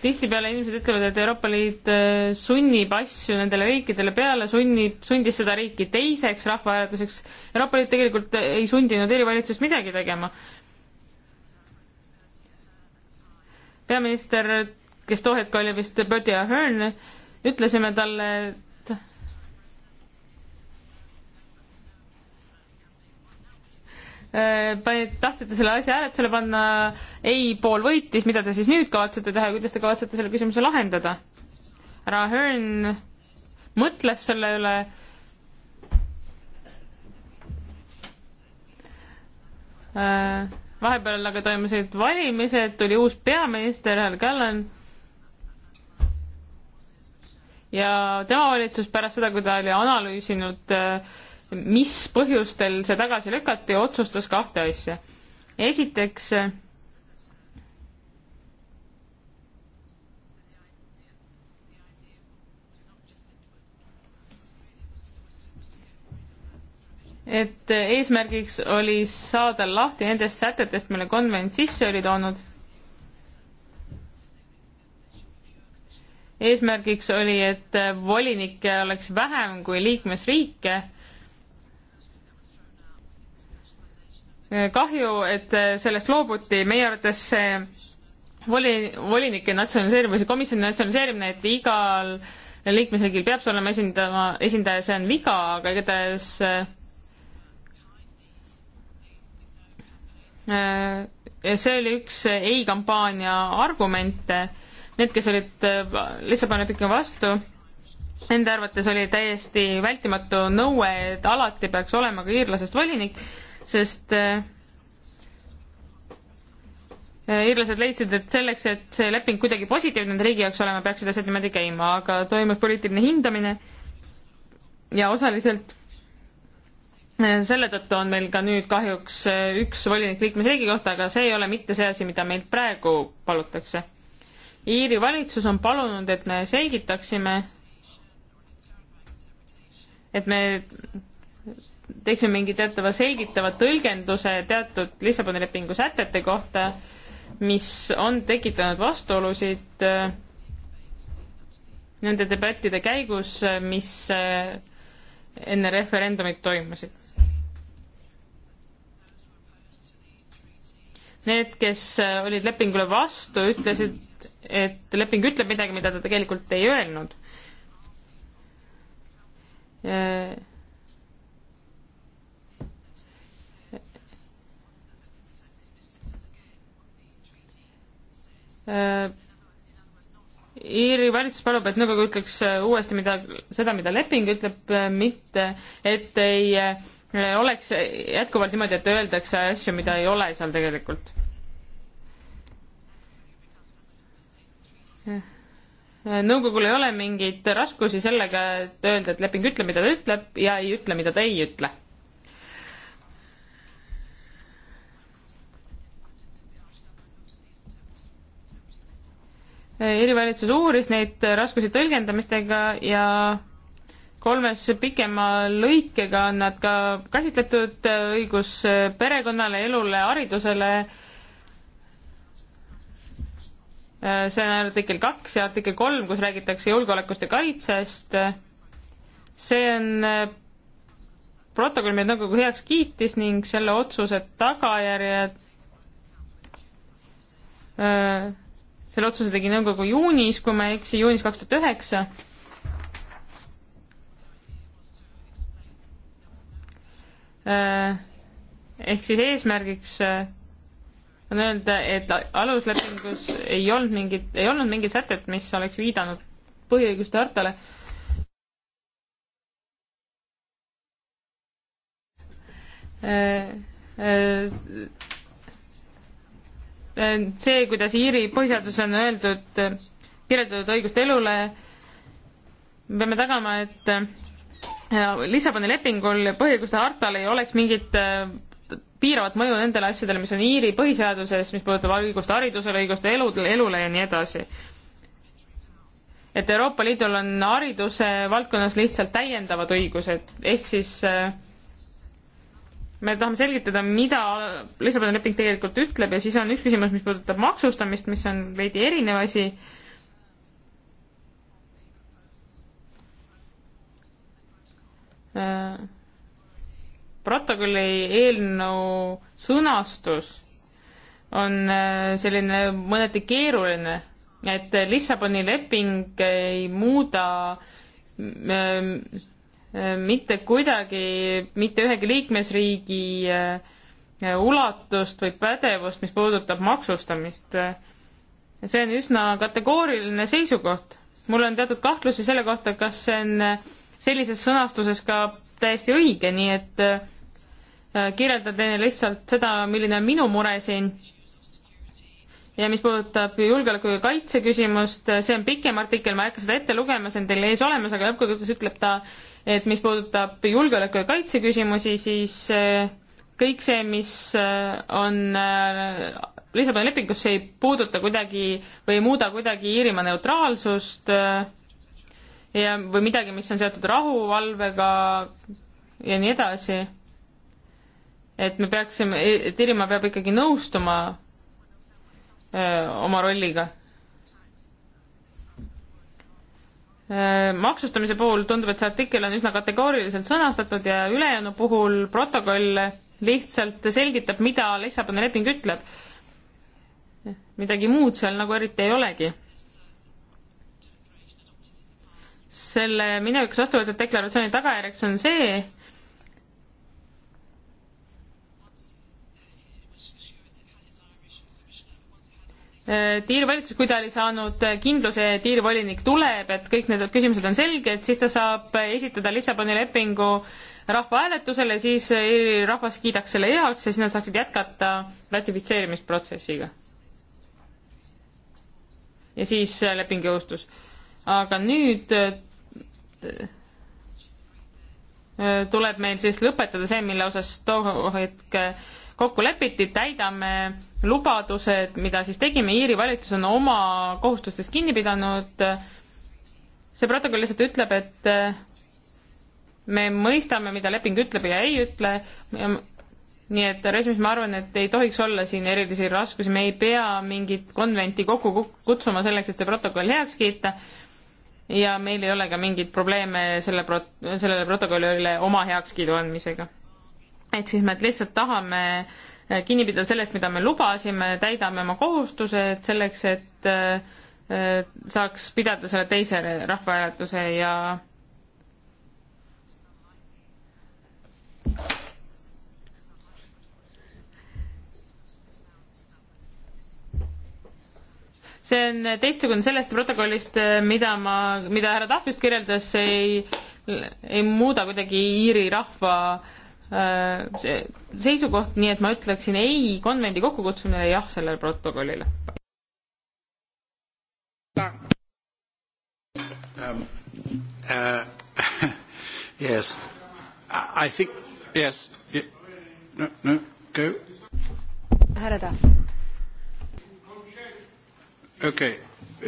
tihtipeale inimesed ütlevad, et Euroopa Liit sunnib asju nendele riikidele peale, sunnib, sundis seda riiki teiseks rahvahääletuseks. Euroopa Liit tegelikult ei sundinud eri valitsust midagi tegema. peaminister, kes too hetk oli vist Bertie Ahern, ütlesime talle, et äh, panid, tahtsite selle asja hääletusele panna, ei pool võitis, mida te siis nüüd kavatsete teha ja kuidas te kavatsete selle küsimuse lahendada? härra Ahern mõtles selle üle äh, vahepeal aga toimusid valimised, tuli uus peaminister, Al Gallan. ja tema valitsus pärast seda, kui ta oli analüüsinud, mis põhjustel see tagasi lükati, otsustas kahte asja. esiteks et eesmärgiks oli saada lahti nendest sätetest, mille konvent sisse oli toonud. eesmärgiks oli, et volinikke oleks vähem kui liikmesriike. kahju, et sellest loobuti, meie arvates see voli, volinike natsionaliseerimise komisjoni natsionaliseerimine, et igal liikmesriigil peab see olema esindama, esindaja, see on viga, aga igatahes äh, Äh, ja see oli üks äh, ei-kampaania argumente. Need, kes olid äh, Lissaboni lepingu vastu, nende arvates oli täiesti vältimatu nõue, et alati peaks olema ka iirlasest volinik, sest iirlased leidsid, et selleks, et see leping kuidagi positiivne nende riigi jaoks olema, peaksid asjad niimoodi käima, aga toimub poliitiline hindamine ja osaliselt selle tõttu on meil ka nüüd kahjuks äh, üks volinik liikmesriigi kohta, aga see ei ole mitte see asi, mida meilt praegu palutakse. Iiri valitsus on palunud, et me selgitaksime, et me teeksime mingi teatava selgitava tõlgenduse teatud Lissaboni lepingu sätete kohta, mis on tekitanud vastuolusid äh, nende debattide käigus, äh, mis enne referendumit toimusid. Need, kes äh, olid lepingule vastu, ütlesid, et leping ütleb midagi, mida ta tegelikult ei öelnud. Uh, Iiri valitsus palub, et nõukogu ütleks äh, uuesti mida, seda, mida leping ütleb, äh, mitte et ei äh, oleks jätkuvalt niimoodi, et öeldakse asju, mida ei ole seal tegelikult. nõukogul ei ole mingeid raskusi sellega, et öelda, et leping ütleb, mida ta ütleb ja ei ütle, mida ta ei ütle erivalitsus uuris neid raskusi tõlgendamistega ja kolmes pikema lõikega on nad ka käsitletud õigus perekonnale, elule, haridusele. see on artikkel kaks ja artikkel kolm, kus räägitakse julgeolekust ja kaitsest. see on protokoll, mida nõukogu heaks kiitis ning selle otsuse tagajärjed äh, selle otsuse tegi nõukogu juunis, kui ma ei eksi, juunis kaks tuhat üheksa. Äh, ehk siis eesmärgiks äh, on öelda, et aluslepingus ei olnud mingit, ei olnud mingit sätet, mis oleks viidanud põhiõiguste hartale äh,. Äh, see, kuidas Iiri põhiseadus on öeldud, kirjeldatud õigust elule, me peame tagama, et äh, Lissaboni lepingul ja põhiõiguste hartal ei oleks mingit äh, piiravat mõju nendele asjadele, mis on Iiri põhiseaduses, mis puudutab õigust haridusele, õigust elule, elule ja nii edasi. et Euroopa Liidul on hariduse valdkonnas lihtsalt täiendavad õigused, ehk siis äh, me tahame selgitada, mida Lissaboni leping tegelikult ütleb ja siis on üks küsimus, mis puudutab maksustamist, mis on veidi erinev asi. Äh, protokolli eelnõu sõnastus on äh, selline mõneti keeruline, et Lissaboni leping ei muuda äh, mitte kuidagi mitte ühegi liikmesriigi äh, ulatust või pädevust, mis puudutab maksustamist. see on üsna kategooriline seisukoht. mul on teatud kahtlusi selle kohta, kas see on äh, sellises sõnastuses ka täiesti õige, nii et äh, kirjeldan teile lihtsalt seda, milline on minu mure siin. ja mis puudutab julgeoleku ja kaitse küsimust, see on pikem artikkel, ma ei hakka seda ette lugema, see on teil ees olemas, aga lõppkokkuvõttes ütleb ta, et mis puudutab julgeoleku ja kaitse küsimusi, siis eh, kõik see, mis eh, on eh, Lissaboni lepingus, see ei puuduta kuidagi või ei muuda kuidagi Iirimaa neutraalsust ja, või midagi, mis on seotud rahuvalvega ja nii edasi. et me peaksime, et Iirimaa peab ikkagi nõustuma öö, oma rolliga Äh, maksustamise puhul tundub, et see artikkel on üsna kategooriliselt sõnastatud ja ülejäänu puhul protokoll lihtsalt selgitab, mida Lissaboni leping ütleb. midagi muud seal nagu eriti ei olegi. selle minevikus vastu võetud deklaratsiooni tagajärjeks on see, Tiiri valitsus, kui ta oli saanud kindluse, et Tiiri volinik tuleb, et kõik need küsimused on selged, siis ta saab esitada Lissaboni lepingu rahvahääletusele, siis Iiri rahvas kiidaks selle heaks ja siis nad saaksid jätkata ratifitseerimisprotsessiga. ja siis leping jõustus. aga nüüd äh, tuleb meil siis lõpetada see, mille osas too hetk kokku lepiti, täidame lubadused, mida siis tegime, Iiri valitsus on oma kohustustest kinni pidanud. see protokoll lihtsalt ütleb, et äh, me mõistame, mida leping ütleb ja ei ütle. nii et režiimis ma arvan, et ei tohiks olla siin erilisi raskusi, me ei pea mingit konventi kokku kutsuma selleks, et see protokoll heaks kiita. ja meil ei ole ka mingeid probleeme selle pro-, sellele protokollile oma heakskiidu andmisega et siis me lihtsalt tahame äh, kinni pidada sellest, mida me lubasime, täidame oma kohustused selleks, et äh, äh, saaks pidada selle teise rahvahääletuse ja see on teistsugune sellest protokollist, mida ma, mida härra Tahvist kirjeldas, ei, ei muuda kuidagi Iiri rahva äh, Äh, seisukoht, nii et ma ütleksin ei konvendi kokkukutsumine ja jah sellele protokollile. Um, uh, yes, I think yes. No, no, go. härra Tahv. okei okay..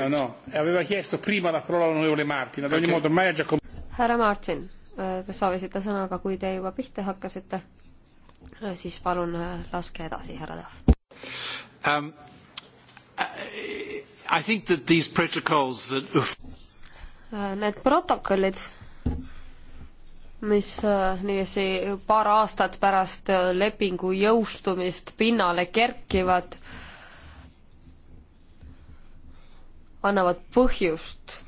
no no, e aveva chiesto prima la parola onorevole Martin, ad ogni modo ormai ha già. härra Martin te soovisite sõna, aga kui te juba pihta hakkasite, siis palun äh, laske edasi, härra Tahv um,. I think that these protocols that uh, äh, Need protokollid, mis äh, niiviisi paar aastat pärast lepingu jõustumist pinnale kerkivad, annavad põhjust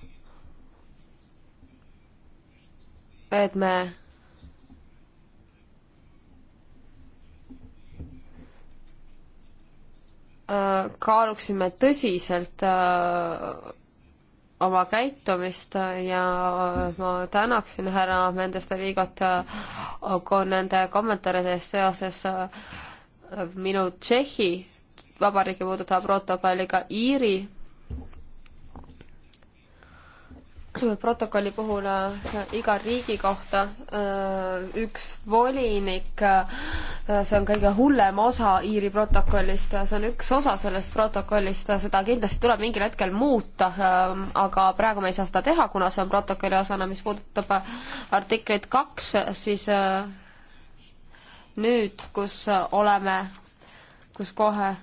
et me äh, kaaluksime tõsiselt äh, oma käitumist ja ma tänaksin härra Mendeste Viigot äh, nende kommentaaride eest seoses minu Tšehhi vabariigi puudutava protokolliga Iiri protokolli puhul äh, iga riigi kohta äh, üks volinik, äh, see on kõige hullem osa Iiri protokollist, see on üks osa sellest protokollist, seda kindlasti tuleb mingil hetkel muuta, aga praegu me ei saa seda teha, kuna see on protokolli osana, mis puudutab artiklit kaks, siis nüüd, kus oleme, kus kohe,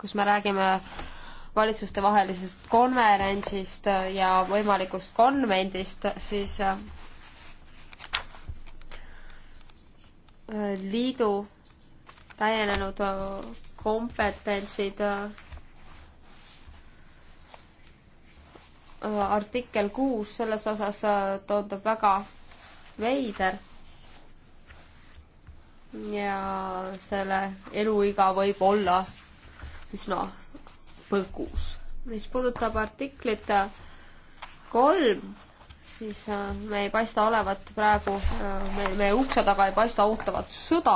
kus me räägime valitsustevahelisest konverentsist ja võimalikust konvendist, siis äh, liidu täienenud äh, kompetentsid äh, artikkel kuus selles osas tundub väga veider. ja selle eluiga võib olla üsna no, põgus. mis puudutab artiklit äh, kolm, siis äh, me ei paista olevat praegu, äh, me, meie ukse taga ei paista ootavat sõda.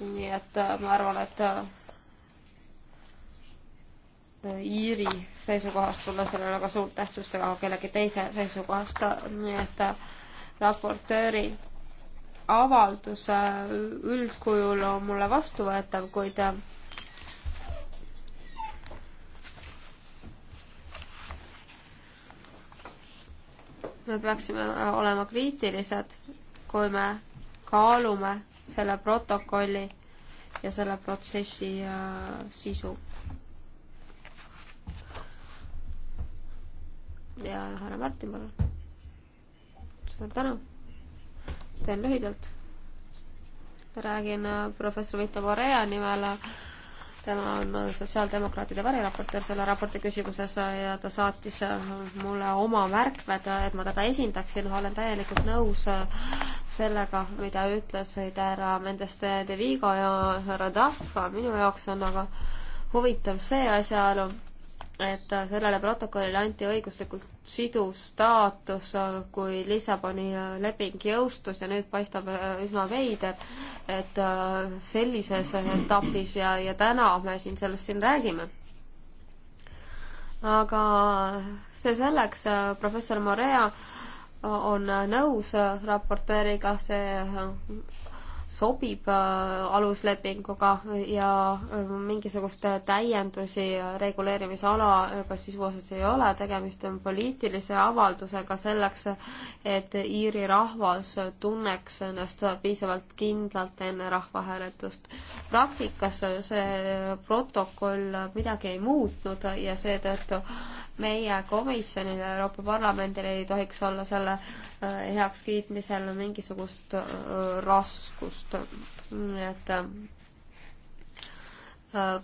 nii et ma arvan, et Iiri seisukohast pole sellel väga suurt tähtsust, aga kellegi teise seisukohast, nii et raportööri avaldus üldkujul on mulle vastuvõetav, kuid me peaksime äh, olema kriitilised, kui me kaalume selle protokolli ja selle protsessi äh, sisu. ja härra Martin, palun. suur tänu. teen lühidalt. räägin äh, professor Vito Borea nimel tema on sotsiaaldemokraatide variraportöör selle raporti küsimuses ja ta saatis mulle oma märkmed, et ma teda esindaksin, olen täielikult nõus sellega, mida ütlesid härra Mendes de Vigo ja härra Tahva, minu jaoks on aga huvitav see asjaolu, et sellele protokollile anti õiguslikult siduv staatus, kui Lissaboni äh, leping jõustus ja nüüd paistab äh, üsna veider, et äh, sellises etapis ja, ja täna me siin sellest siin räägime. aga see selleks, professor Morea on nõus raportööriga, see sobib äh, aluslepinguga ja äh, mingisugust äh, täiendusi reguleerimisala, kas sisu osas ei ole, tegemist on poliitilise avaldusega selleks, et Iiri rahvas tunneks ennast piisavalt kindlalt enne rahvahääletust. praktikas see protokoll midagi ei muutnud ja seetõttu meie komisjonil ja Euroopa Parlamendil ei tohiks olla selle äh, heakskiitmisel mingisugust äh, raskust. nii et äh,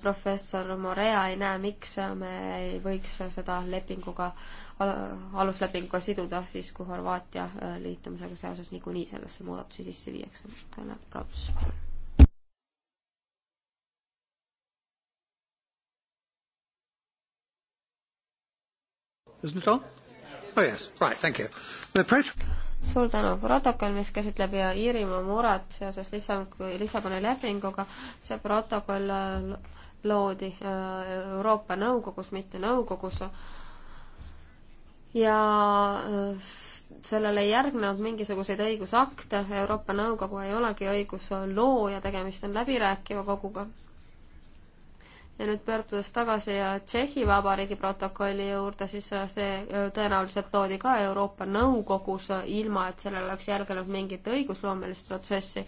professor Morea ei näe, miks me ei võiks seda lepinguga, aluslepinguga siduda siis, kui Horvaatia liitumisega seoses niikuinii sellesse muudatusi sisse viiakse. tänan, Raps. Isn't it on? Oh yes, right, thank you. The protocol suur tänu. protokoll, mis käsitleb Iirimaa muret seoses Lissab-, Lissaboni lepinguga, see protokoll äh, loodi äh, Euroopa Nõukogus, mitte nõukogus. ja äh, sellele ei järgnenud mingisuguseid õigusakte, Euroopa Nõukogu ei olegi õiguslooja, tegemist on läbirääkiva koguga ja nüüd pöördudes tagasi äh, Tšehhi Vabariigi protokolli juurde, siis äh, see äh, tõenäoliselt loodi ka Euroopa Nõukogus, ilma et sellele oleks järgnenud mingit õigusloomelist protsessi.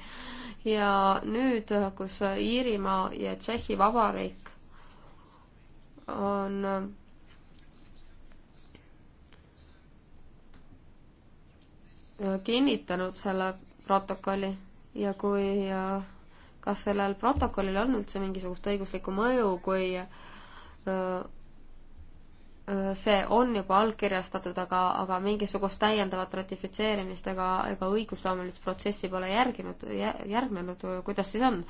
ja nüüd, kus Iirimaa ja Tšehhi Vabariik on kinnitanud selle protokolli ja kui kas sellel protokollil on üldse mingisugust õiguslikku mõju, kui see on juba allkirjastatud, aga, aga mingisugust täiendavat ratifitseerimist ega, ega õigusloomulist protsessi pole järginud, järgnenud, kuidas siis on?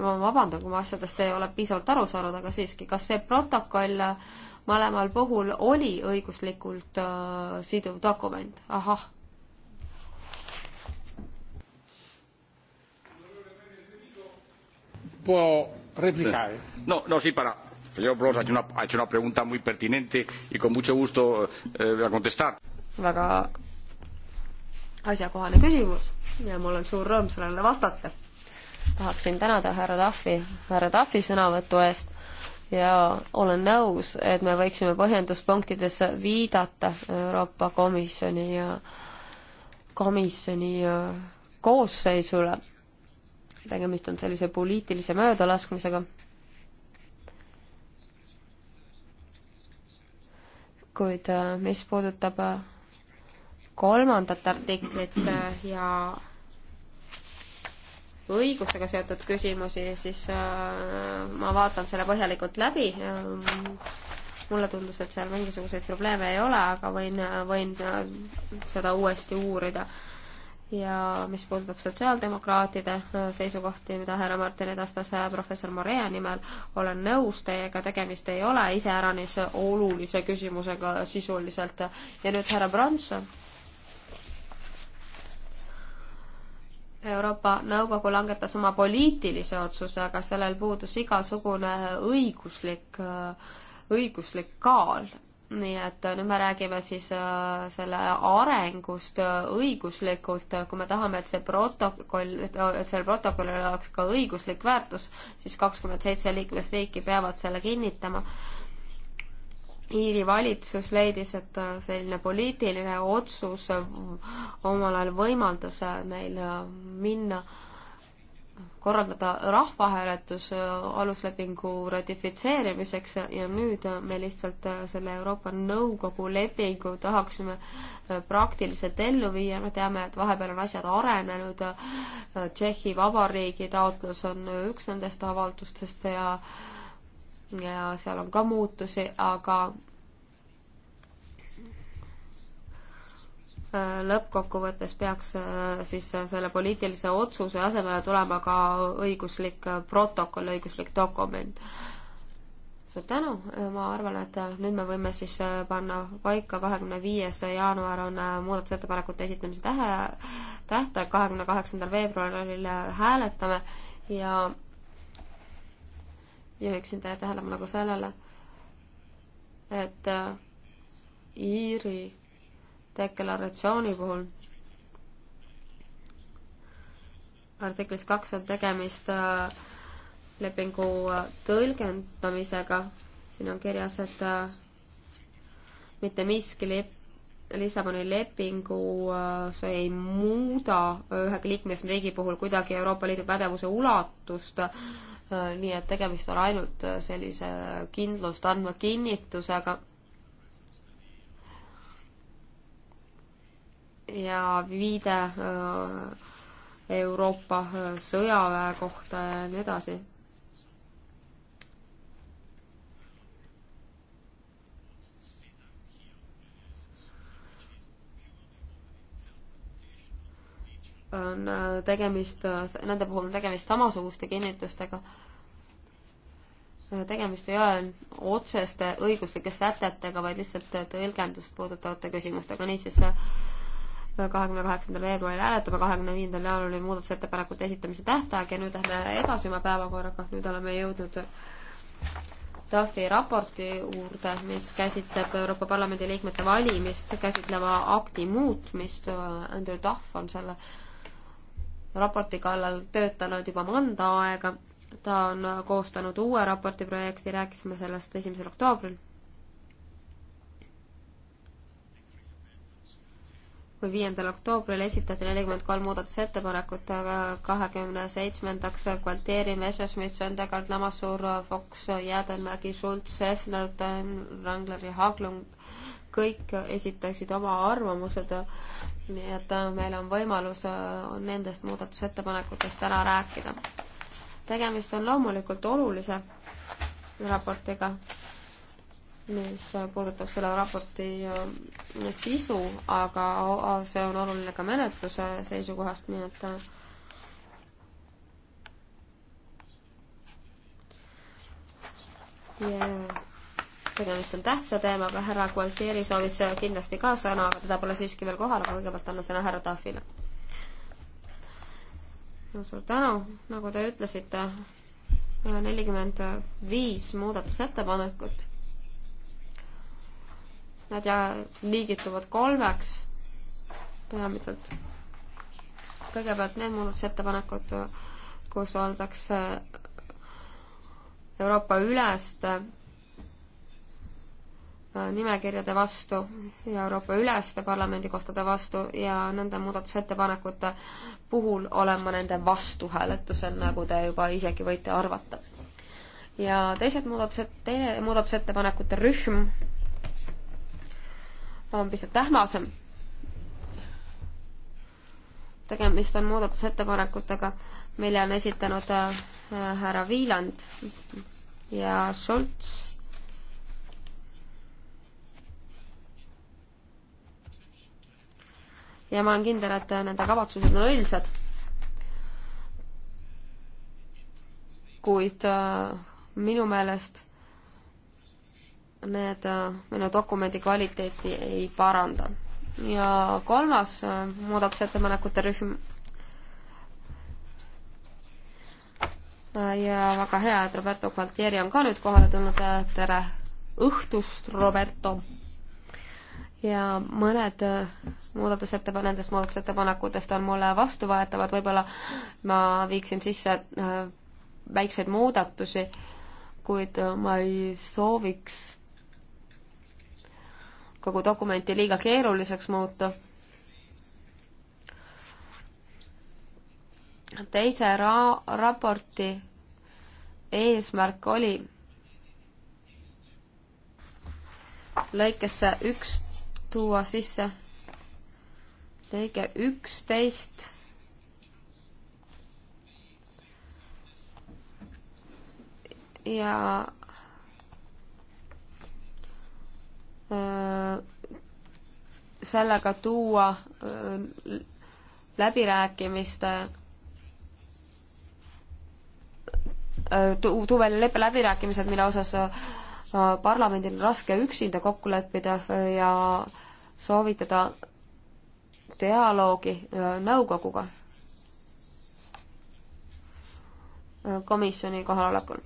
ma vabandan, kui ma asjadest ei ole piisavalt aru saanud, aga siiski, kas see protokoll mõlemal puhul oli õiguslikult äh, siduv dokument? ahah può replicare. No, no, sí, para. Señor Bros ha hecho, una, ha hecho una pregunta muy pertinente y con mucho gusto eh, voy a contestar. Väga asjakohane küsimus ja mul on suur rõõm sellele vastata. tahaksin tänada härra Tahvi, härra Tahvi sõnavõtu eest ja olen nõus, et me võiksime põhjenduspunktides viidata Euroopa Komisjoni ja komisjoni äh, koosseisule tegemist on sellise poliitilise möödalaskmisega. kuid äh, mis puudutab äh, kolmandat artiklit äh, ja õigusega seotud küsimusi, siis ma vaatan selle põhjalikult läbi. mulle tundus, et seal mingisuguseid probleeme ei ole, aga võin, võin seda uuesti uurida ja mis puudutab sotsiaaldemokraatide äh, seisukohti, mida härra Martin edastas äh, professor Morea nimel, olen nõus teiega, tegemist ei ole iseäranis olulise küsimusega sisuliselt. ja nüüd härra Bronson. Euroopa Nõukogu langetas oma poliitilise otsuse, aga sellel puudus igasugune õiguslik, äh, õiguslik kaal nii et nüüd me räägime siis äh, selle arengust äh, õiguslikult, kui me tahame, et see protokoll, äh, et sellel protokollil oleks ka õiguslik väärtus, siis kakskümmend seitse liikmesriiki peavad selle kinnitama. Iiri valitsus leidis, et selline poliitiline otsus omal ajal võimaldas neil minna äh, korraldada rahvahääletus äh, aluslepingu ratifitseerimiseks ja nüüd äh, me lihtsalt äh, selle Euroopa Nõukogu lepingu tahaksime praktiliselt ellu viia, me teame, et vahepeal on asjad arenenud, Tšehhi Vabariigi taotlus on üks nendest avaldustest ja ja seal on ka muutusi, aga Äh, lõppkokkuvõttes peaks äh, siis äh, selle poliitilise otsuse asemele tulema ka õiguslik protokoll, õiguslik dokument. suur tänu, ma arvan, et nüüd me võime siis panna paika kahekümne viies jaanuar on muudatusettepanekute esitamise tähe, tähtaeg, kahekümne kaheksandal veebruaril hääletame ja juhiksin teie tähelepanu ka sellele, et Iiri deklaratsiooni puhul artiklis kaks on tegemist äh, lepingu äh, tõlgendamisega, siin on kirjas, et äh, mitte miski lep-, Lissaboni lepingus ei muuda ühegi liikmesriigi puhul kuidagi Euroopa Liidu pädevuse ulatust, nii et tegemist on ainult sellise kindlust andva kinnitusega ja viide äh, Euroopa äh, sõjaväe kohta ja nii edasi on äh, tegemist, nende puhul on tegemist samasuguste kinnitustega. tegemist ei ole otseste õiguslike sätetega, vaid lihtsalt tõlgendust puudutavate küsimustega, niisiis kahekümne kaheksandal veebruaril hääletame, kahekümne viiendal jaanuaril oli muudatusettepanekute esitamise tähtaeg ja nüüd lähme edasi oma päevakorraga, nüüd oleme jõudnud Duffy raporti juurde, mis käsitleb Euroopa Parlamendi liikmete valimist käsitleva akti muutmist. Andrew Duff on selle raporti kallal töötanud juba mõnda aega. ta on koostanud uue raporti projekti, rääkisime sellest esimesel oktoobril kui viiendal oktoobril esitati nelikümmend kolm muudatusettepanekut, aga kahekümne seitsmendaks Gualtieri, Messerschmitt, Söndegard, Lamassuur, Fox, Jäädemägi, Schultz, Hefner, Wrangler ja Haaglund kõik esitaksid oma arvamused, nii et meil on võimalus nendest muudatusettepanekutest ära rääkida. tegemist on loomulikult olulise raportiga, mis puudutab selle raporti äh, sisu, aga see on oluline ka menetluse seisukohast, nii et äh, ja tegemist on tähtsa teemaga, härra Gualtieri soovis kindlasti ka sõna, aga teda pole siiski veel kohal, aga kõigepealt annan sõna härra Tahvile. no suur tänu, nagu te ütlesite, äh, nelikümmend viis muudatusettepanekut Nad liigituvad kolmeks peamiselt. kõigepealt need muudatusettepanekud, kus oldakse Euroopa üleste äh, nimekirjade vastu ja Euroopa üleste parlamendikohtade vastu ja nende muudatusettepanekute puhul olen ma nende vastuhääletusel, nagu te juba isegi võite arvata. ja teised muudatused, teine muudatusettepanekute rühm on pisut ähmasem. tegemist on muudatusettepanekutega, mille on esitanud äh, härra Viiland ja Šolts. ja ma olen kindel, et nende kavatsused on õilsad. kuid äh, minu meelest need minu dokumendi kvaliteeti ei paranda. ja kolmas äh, muudatusettepanekute rühm äh, ja väga hea, et Roberto Gualtieri on ka nüüd kohale tulnud, äh, tere õhtust, Roberto! ja mõned muudatusettepan-, nendest muudatusettepanekutest on mulle vastuvõetavad, võib-olla ma viiksin sisse väikseid muudatusi, kuid ma ei sooviks kogu dokumenti liiga keeruliseks muuta. teise ra-, raporti eesmärk oli lõikesse üks tuua sisse lõige üksteist ja Äh, sellega tuua äh, läbirääkimiste äh, tu-, tuua välja leppe läbirääkimised, mille osas parlamendil on raske üksinda kokku leppida ja soovitada dialoogi nõukoguga komisjoni kohalolekul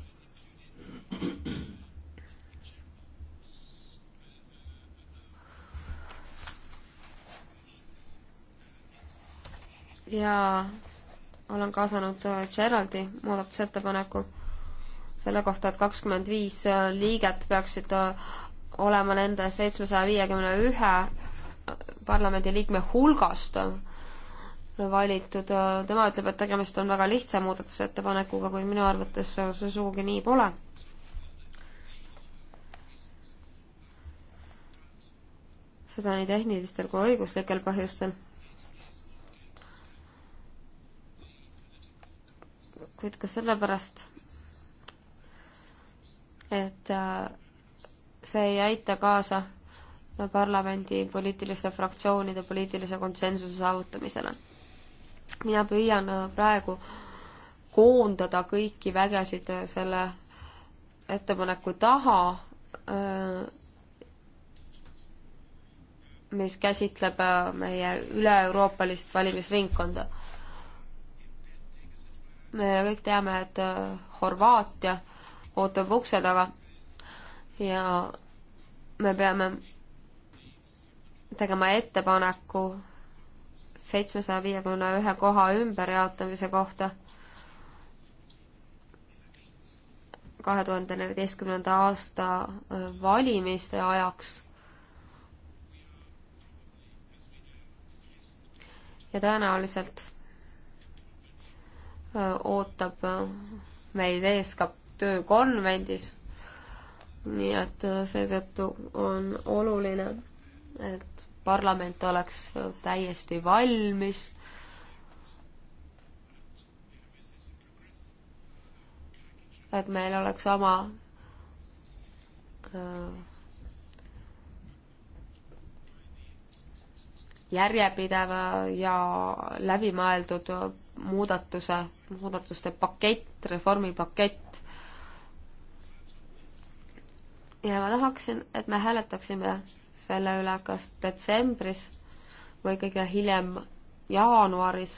ja olen kaasanud äh, Geraldi muudatusettepaneku selle kohta, et kakskümmend viis äh, liiget peaksid äh, olema nende seitsmesaja viiekümne ühe parlamendiliikme hulgast valitud. tema ütleb, et tegemist on väga lihtsa muudatusettepanekuga, kuid minu arvates see sugugi nii pole. seda nii tehnilistel kui õiguslikel põhjustel kuid ka sellepärast, et äh, see ei aita kaasa parlamendi poliitiliste fraktsioonide poliitilise konsensuse saavutamisele. mina püüan äh, praegu koondada kõiki vägesid äh, selle ettepaneku taha, mis käsitleb meie üle-euroopalist valimisringkonda me kõik teame, et äh, Horvaatia ootab ukse taga ja me peame tegema ettepaneku seitsmesaja viiekümne ühe koha ümberjaotamise kohta kahe tuhande neljateistkümnenda aasta äh, valimiste ajaks. ja tõenäoliselt ootab meid ees ka töökonvendis. nii et seetõttu on oluline, et parlament oleks täiesti valmis et meil oleks oma äh, järjepideva ja läbimõeldud muudatuse, muudatuste pakett, reformipakett. ja ma tahaksin, et me hääletaksime selle üle kas detsembris või kõige hiljem jaanuaris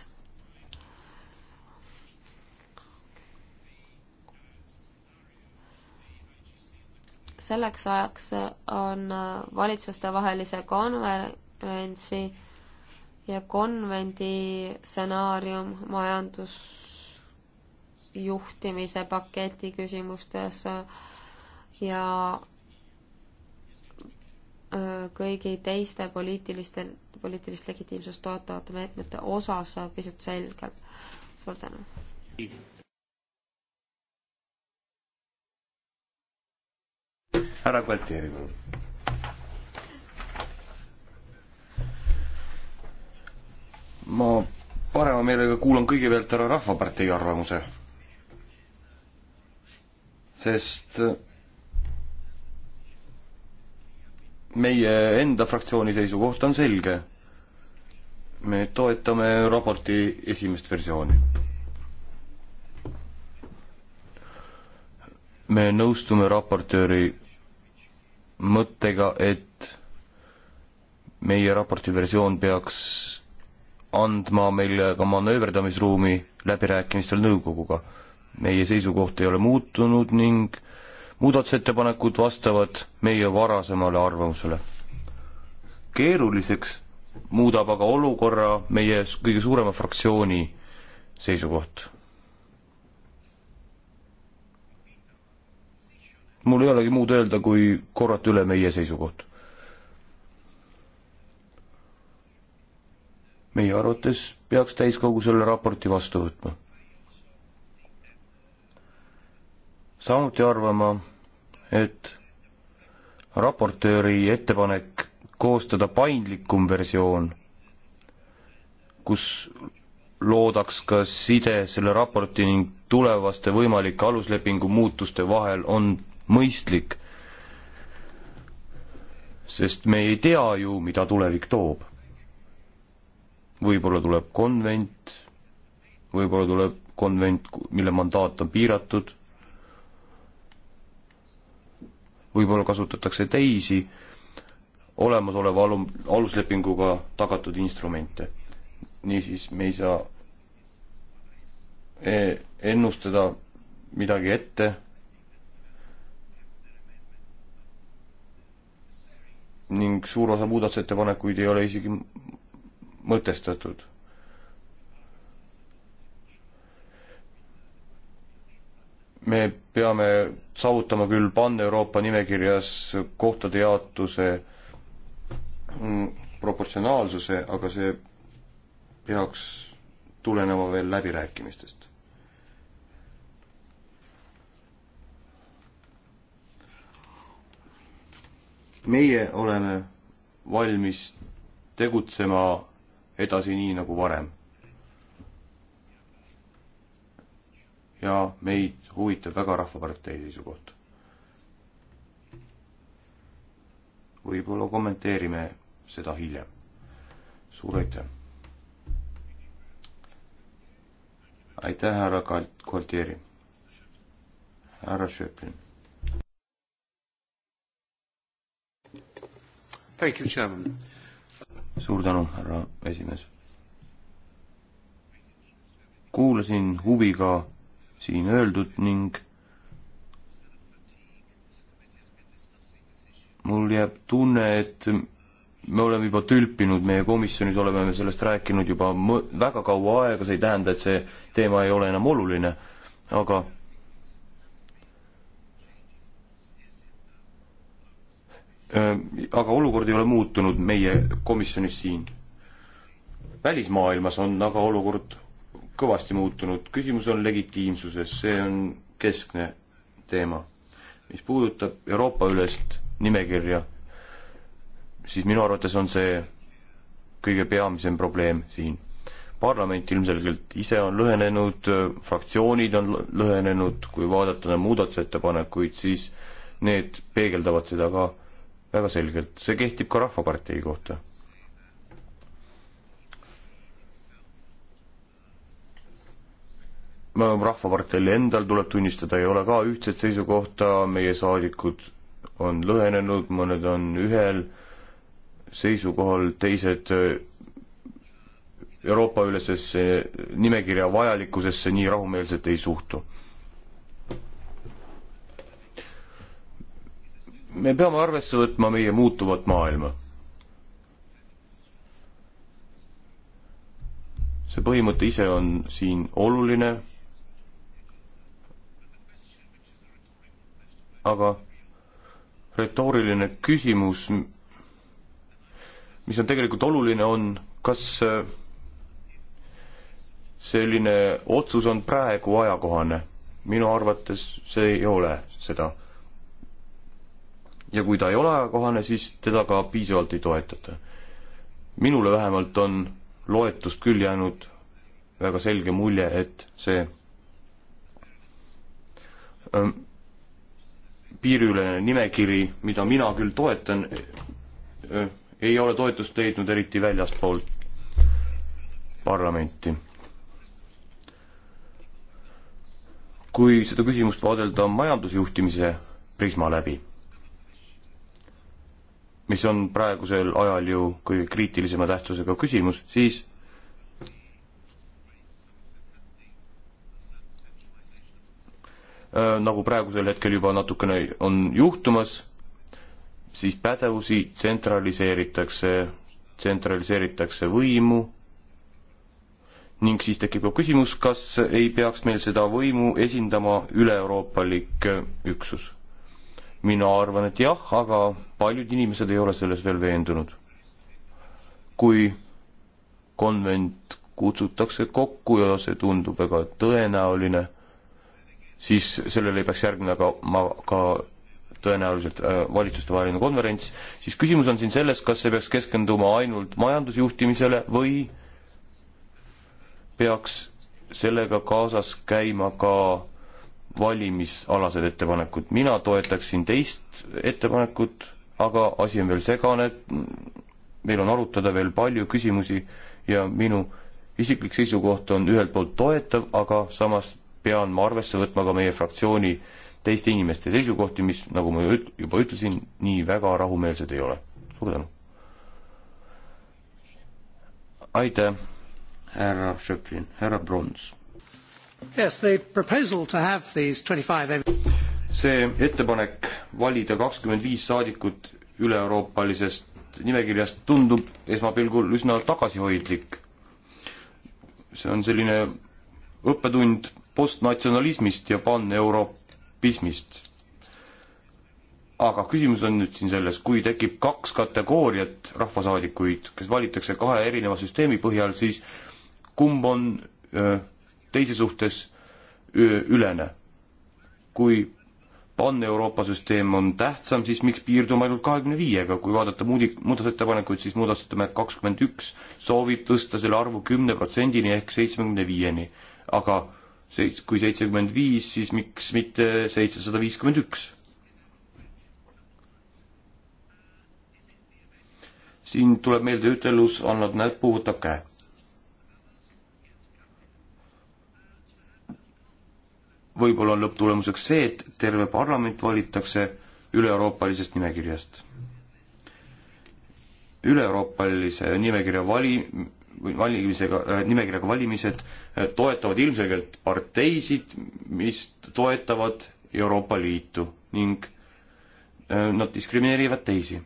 selleks ajaks on valitsustevahelise konverentsi ja konvendi stsenaarium majandusjuhtimise paketi küsimustes ja kõigi teiste poliitiliste, poliitilist legitiimsust toetavate meetmete osas pisut selgem. suur tänu! härra Gualtieri, palun! ma parema meelega kuulan kõigepealt ära Rahvapartei arvamuse. sest äh, meie enda fraktsiooni seisukoht on selge. me toetame raporti esimest versiooni. me nõustume raportööri mõttega, et meie raporti versioon peaks andma meile ka manööverdamisruumi läbirääkimistel nõukoguga. meie seisukoht ei ole muutunud ning muudatusettepanekud vastavad meie varasemale arvamusele. keeruliseks muudab aga olukorra meie kõige suurema fraktsiooni seisukoht. mul ei olegi muud öelda, kui korrata üle meie seisukoht meie arvates peaks täiskogu selle raporti vastu võtma. samuti arvama, et raportööri ettepanek koostada paindlikum versioon, kus loodaks ka side selle raporti ning tulevaste võimalike aluslepingu muutuste vahel, on mõistlik. sest me ei tea ju, mida tulevik toob võib-olla tuleb konvent, võib-olla tuleb konvent, mille mandaat on piiratud, võib-olla kasutatakse teisi olemasoleva alu-, aluslepinguga tagatud instrumente. niisiis, me ei saa e, ennustada midagi ette ning suur osa muudatusettepanekuid ei ole isegi mõtestatud. me peame saavutama küll Pan-Euroopa nimekirjas kohtade jaotuse mm, proportsionaalsuse, aga see peaks tulenema veel läbirääkimistest. meie oleme valmis tegutsema edasi nii nagu varem. ja meid huvitab väga Rahvapartei seisukoht. võib-olla kommenteerime seda hiljem. suur aitäh! aitäh, härra Kalt-, Koltieri! härra Schöplin! Thank you, Chairman suur tänu, härra esimees. kuulasin huviga siin öeldut ning mul jääb tunne, et me oleme juba tülpinud, meie komisjonis oleme me sellest rääkinud juba mõ-, väga kaua aega, see ei tähenda, et see teema ei ole enam oluline, aga aga olukord ei ole muutunud meie komisjonis siin. välismaailmas on aga olukord kõvasti muutunud, küsimus on legitiimsuses, see on keskne teema. mis puudutab Euroopa-ülest nimekirja, siis minu arvates on see kõige peamisem probleem siin. parlament ilmselgelt ise on lõhenenud, fraktsioonid on lõhenenud, kui vaadata muudatusettepanekuid, siis need peegeldavad seda ka väga selgelt, see kehtib ka Rahvapartei kohta. rahvaparteil endal tuleb tunnistada, ei ole ka ühtset seisukohta, meie saadikud on lõhenenud, mõned on ühel seisukohal, teised Euroopa ülesesse nimekirja vajalikkusesse nii rahumeelselt ei suhtu me peame arvesse võtma meie muutuvat maailma. see põhimõte ise on siin oluline. aga retooriline küsimus, mis on tegelikult oluline, on kas äh, selline otsus on praegu ajakohane? minu arvates see ei ole seda ja kui ta ei ole ajakohane, siis teda ka piisavalt ei toetata. minule vähemalt on loetust küll jäänud väga selge mulje, et see ähm, piiriülene nimekiri, mida mina küll toetan äh,, ei ole toetust leidnud eriti väljaspool parlamenti. kui seda küsimust vaadelda majandusjuhtimise prisma läbi mis on praegusel ajal ju kõige kriitilisema tähtsusega küsimus, siis äh, nagu praegusel hetkel juba natukene on juhtumas, siis pädevusi tsentraliseeritakse, tsentraliseeritakse võimu ning siis tekib ka küsimus, kas ei peaks meil seda võimu esindama üle-euroopalik äh, üksus mina arvan, et jah, aga paljud inimesed ei ole selles veel veendunud. kui konvent kutsutakse kokku ja see tundub väga tõenäoline, siis sellele ei peaks järgnema ka, ma ka tõenäoliselt äh, valitsustevaheline konverents, siis küsimus on siin selles, kas see peaks keskenduma ainult majandusjuhtimisele või peaks sellega kaasas käima ka valimisalased ettepanekud. mina toetaksin teist ettepanekut, aga asi on veel segane, meil on arutada veel palju küsimusi ja minu isiklik seisukoht on ühelt poolt toetav, aga samas pean ma arvesse võtma ka meie fraktsiooni teiste inimeste seisukohti, mis, nagu ma juba ütlesin, nii väga rahumeelsed ei ole. suur tänu! aitäh, härra Šeflin, härra Brons Yes, the proposal to have these 25 see ettepanek valida kakskümmend viis saadikut üle-euroopalisest nimekirjast tundub esmapilgul üsna tagasihoidlik. see on selline õppetund postnatsionalismist ja pan-euroopismist. aga küsimus on nüüd siin selles, kui tekib kaks kategooriat rahvasaadikuid, kes valitakse kahe erineva süsteemi põhjal, siis kumb on öö, teise suhtes ülene. kui pan-Euroopa süsteem on tähtsam, siis miks piirduma ainult kahekümne viiega, kui vaadata muudi-, muudatusettepanekuid, siis muudatusettepanek kakskümmend üks soovib tõsta selle arvu kümne protsendini ehk seitsmekümne viieni. aga seits-, kui seitsekümmend viis, siis miks mitte seitsesada viiskümmend üks? siin tuleb meelde ütelus, annad näpu, võtab käe võib-olla on lõpptulemuseks see, et terve parlament valitakse üle-euroopalisest nimekirjast. üle-euroopalise nimekirja vali-, valimisega äh,, nimekirjaga valimised äh, toetavad ilmselgelt parteisid, mis toetavad Euroopa Liitu ning äh, nad diskrimineerivad teisi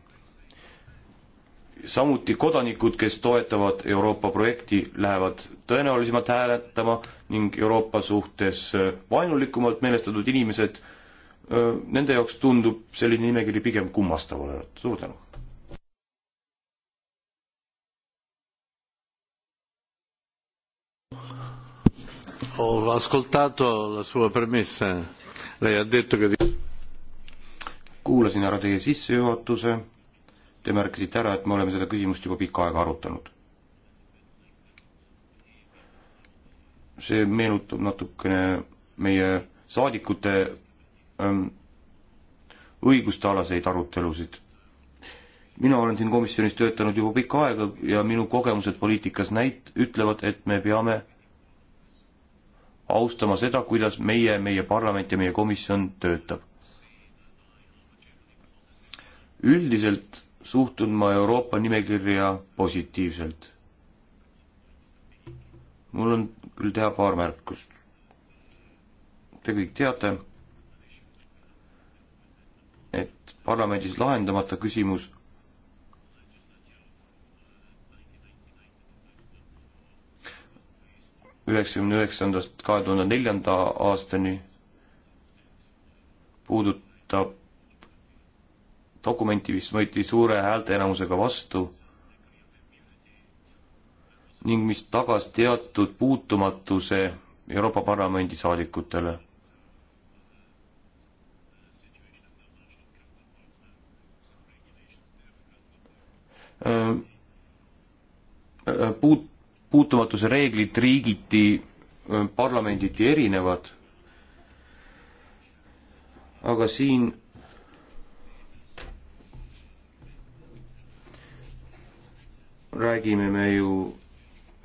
samuti kodanikud, kes toetavad Euroopa projekti, lähevad tõenäolisemalt hääletama ning Euroopa suhtes äh, vaenulikumalt meelestatud inimesed, äh, nende jaoks tundub selline nimekiri pigem kummastav olevat. suur tänu! Ho ascoltato la sua premessa. Lei ha detto che... Kuulasin ära teie sissejuhatuse Te märkisite ära, et me oleme seda küsimust juba pikka aega arutanud. see meenutab natukene meie saadikute ähm, õigustealaseid arutelusid. mina olen siin komisjonis töötanud juba pikka aega ja minu kogemused poliitikas näit-, ütlevad, et me peame austama seda, kuidas meie, meie parlament ja meie komisjon töötab. üldiselt suhtun ma Euroopa nimekirja positiivselt. mul on küll teha paar märkust. Te kõik teate, et parlamendis lahendamata küsimus üheksakümne üheksandast kahe tuhande neljanda aastani puudutab dokumenti, mis võeti suure häälteenamusega vastu ning mis tagas teatud puutumatuse Euroopa Parlamendi saadikutele. Äh, äh, puut-, puutumatuse reeglid riigiti, äh, parlamenditi erinevad, aga siin räägime me ju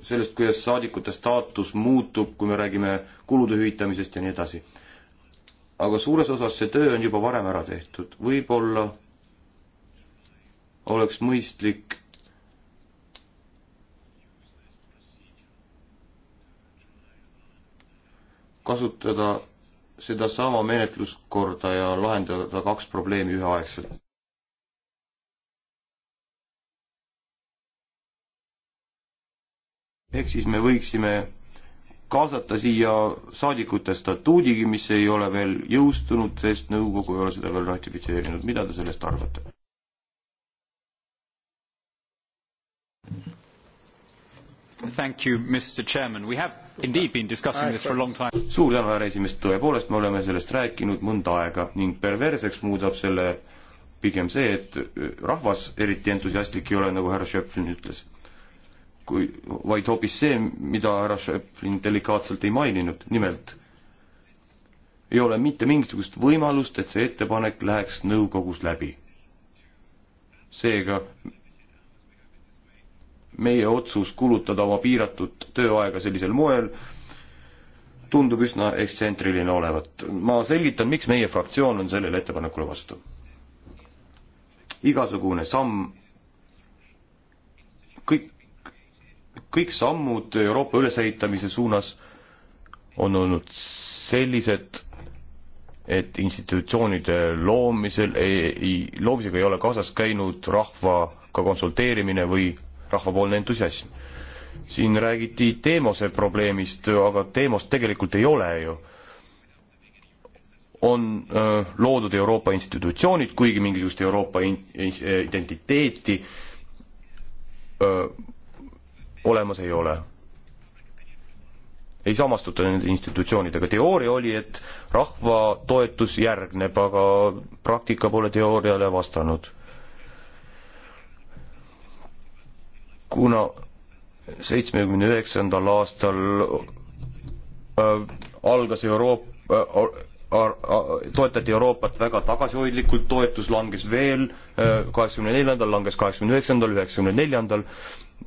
sellest, kuidas saadikute staatus muutub, kui me räägime kulude hüvitamisest ja nii edasi. aga suures osas see töö on juba varem ära tehtud, võib-olla oleks mõistlik kasutada sedasama menetluskorda ja lahendada kaks probleemi üheaegselt. ehk siis me võiksime kaasata siia saadikute statuudi, mis ei ole veel jõustunud, sest nõukogu ei ole seda veel ratifitseerinud. mida te sellest arvate? Thank you, Mr Chairman, we have indeed been discussing this for a long time. suur tänu, härra esimees, tõepoolest me oleme sellest rääkinud mõnda aega ning perverseks muudab selle pigem see, et rahvas eriti entusiastlik ei ole, nagu härra Schöpflin ütles kui, vaid hoopis see, mida härra Schöpflin delikaatselt ei maininud, nimelt ei ole mitte mingisugust võimalust, et see ettepanek läheks nõukogus läbi. seega meie otsus kulutada oma piiratud tööaega sellisel moel tundub üsna ekstsentriline olevat. ma selgitan, miks meie fraktsioon on sellele ettepanekule vastu. igasugune samm, kõik kõik sammud Euroopa ülesehitamise suunas on olnud sellised, et institutsioonide loomisel ei, loomisega ei ole kaasas käinud rahvaga konsulteerimine või rahvapoolne entusiasm. siin räägiti Teemose probleemist, aga Teemost tegelikult ei ole ju on öö, äh, loodud Euroopa institutsioonid, kuigi mingisugust Euroopa in, in, identiteeti öö, äh, olemas ei ole. ei samastuta nende institutsioonidega, teooria oli, et rahva toetus järgneb, aga praktika pole teooriale vastanud. kuna seitsmekümne üheksandal aastal äh, algas Euroopa äh, toetati Euroopat väga tagasihoidlikult, toetus langes veel äh, kaheksakümne neljandal, langes kaheksakümne üheksandal, üheksakümne neljandal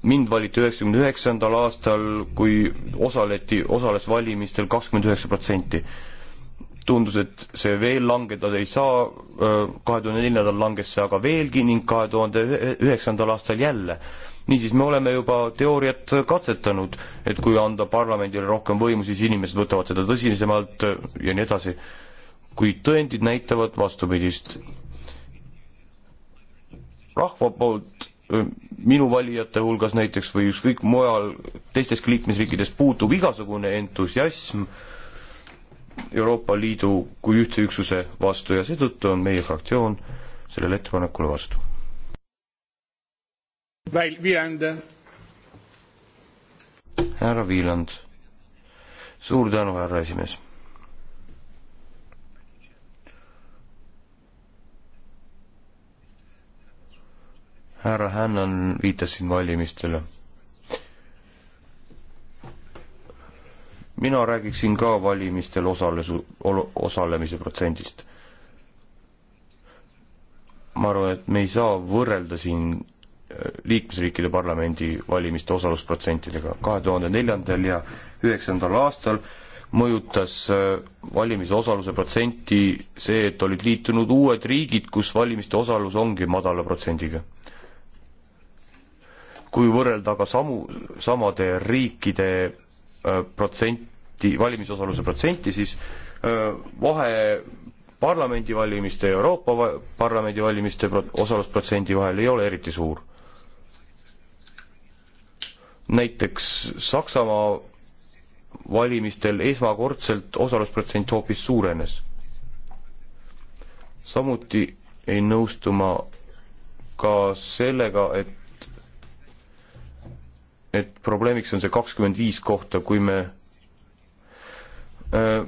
mind valiti üheksakümne üheksandal aastal, kui osaleti, osales valimistel kakskümmend üheksa protsenti. tundus, et see veel langeda ei saa, kahe tuhande neljandal langes see aga veelgi ning kahe tuhande üheksandal aastal jälle. niisiis, me oleme juba teooriat katsetanud, et kui anda parlamendile rohkem võimu, siis inimesed võtavad seda tõsisemalt ja nii edasi. kuid tõendid näitavad vastupidist. rahva poolt minu valijate hulgas näiteks või ükskõik mujal teistes liikmesriikides puutub igasugune entusiasm Euroopa Liidu kui ühtse üksuse vastu ja seetõttu on meie fraktsioon sellele ettepanekule vastu. härra Viiland, suur tänu, härra esimees härra Hännan viitas siin valimistele. mina räägiksin ka valimistel osalesu, osalemise protsendist. ma arvan, et me ei saa võrrelda siin äh, liikmesriikide parlamendi valimiste osalusprotsentidega. kahe tuhande neljandal ja üheksandal aastal mõjutas äh, valimise osaluse protsenti see, et olid liitunud uued riigid, kus valimiste osalus ongi madala protsendiga kui võrrelda aga samu, samade riikide äh, protsenti, valimisosaluse protsenti, siis äh, vahe parlamendivalimiste ja Euroopa Parlamendi valimiste osalusprotsendi vahel ei ole eriti suur. näiteks Saksamaa valimistel esmakordselt osalusprotsent hoopis suurenes. samuti ei nõustu ma ka sellega, et et probleemiks on see kakskümmend viis kohta, kui me öö,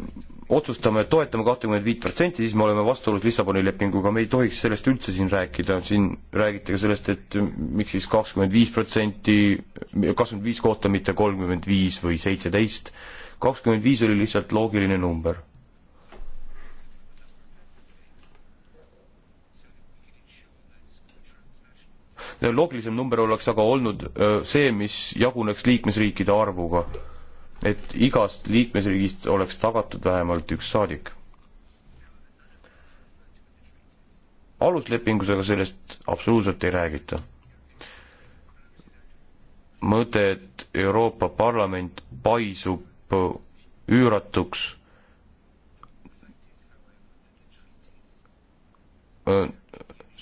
otsustame, et toetame kahtekümmet viit protsenti, siis me oleme vastuolus Lissaboni lepinguga, me ei tohiks sellest üldse siin rääkida, siin räägite ka sellest, et miks siis kakskümmend viis protsenti, kakskümmend viis kohta, mitte kolmkümmend viis või seitseteist, kakskümmend viis oli lihtsalt loogiline number loogilisem number oleks aga olnud see, mis jaguneks liikmesriikide arvuga. et igast liikmesriigist oleks tagatud vähemalt üks saadik. aluslepingus aga sellest absoluutselt ei räägita. mõte, et Euroopa Parlament paisub üüratuks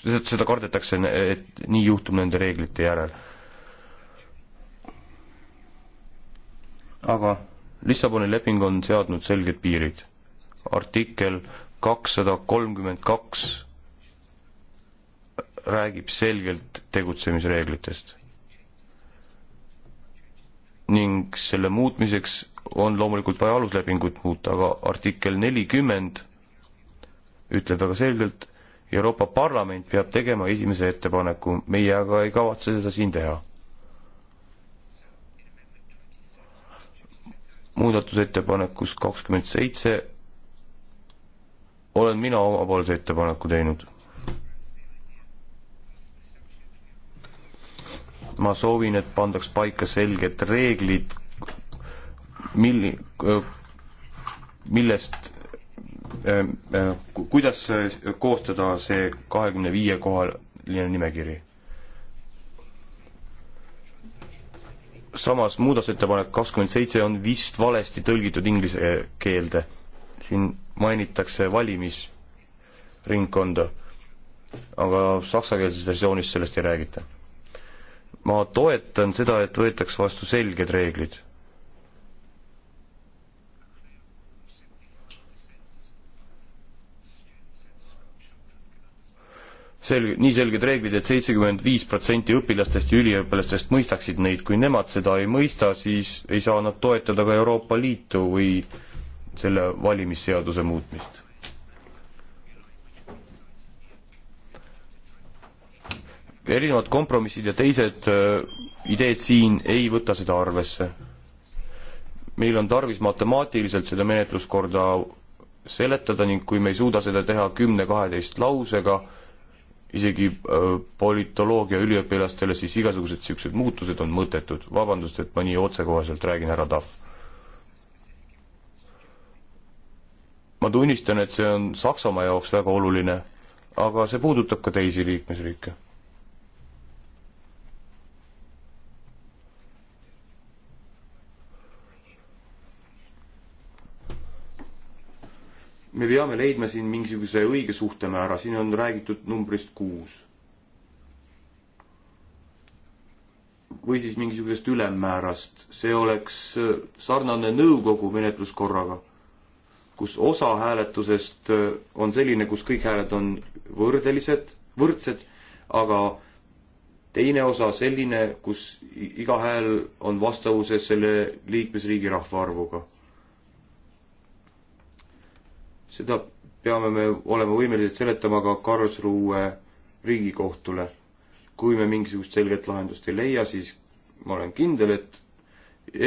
seda kardetakse, et nii juhtub nende reeglite järel. aga Lissaboni leping on seadnud selged piirid. artikkel kakssada kolmkümmend kaks räägib selgelt tegutsemisreeglitest. ning selle muutmiseks on loomulikult vaja aluslepingut muuta, aga artikkel nelikümmend ütleb väga selgelt, Euroopa Parlament peab tegema esimese ettepaneku, meie aga ei kavatse seda siin teha. muudatusettepanekus kakskümmend seitse olen mina omapoolse ettepaneku teinud. ma soovin, et pandaks paika selged reeglid, milli-, millest Äh, äh, kuidas äh, koostada see kahekümne viie kohaline nimekiri? samas muudatusettepanek kakskümmend seitse on vist valesti tõlgitud inglise keelde. siin mainitakse valimisringkonda, aga saksakeelses versioonis sellest ei räägita. ma toetan seda, et võetaks vastu selged reeglid selg-, nii selged reeglid et, et seitsekümmend viis protsenti õpilastest ja üliõpilastest mõistaksid neid, kui nemad seda ei mõista, siis ei saa nad toetada ka Euroopa Liitu või selle valimisseaduse muutmist. erinevad kompromissid ja teised äh, ideed siin ei võta seda arvesse. meil on tarvis matemaatiliselt seda menetluskorda seletada ning kui me ei suuda seda teha kümne-kaheteist lausega, isegi äh, politoloogiaüliõpilastele, siis igasugused niisugused muutused on mõttetud. vabandust, et ma nii otsekoheselt räägin, härra Tahv. ma tunnistan, et see on Saksamaa jaoks väga oluline, aga see puudutab ka teisi liikmesriike me peame leidma siin mingisuguse õige suhtemäära, siin on räägitud numbrist kuus. või siis mingisugusest ülemmäärast, see oleks äh, sarnane nõukogu menetluskorraga, kus osa hääletusest äh, on selline, kus kõik hääled on võrdelised, võrdsed, aga teine osa selline, kus iga hääl on vastavuses selle liikmesriigi rahvaarvuga seda peame me olema võimelised seletama ka Karlsruhe riigikohtule. kui me mingisugust selget lahendust ei leia, siis ma olen kindel, et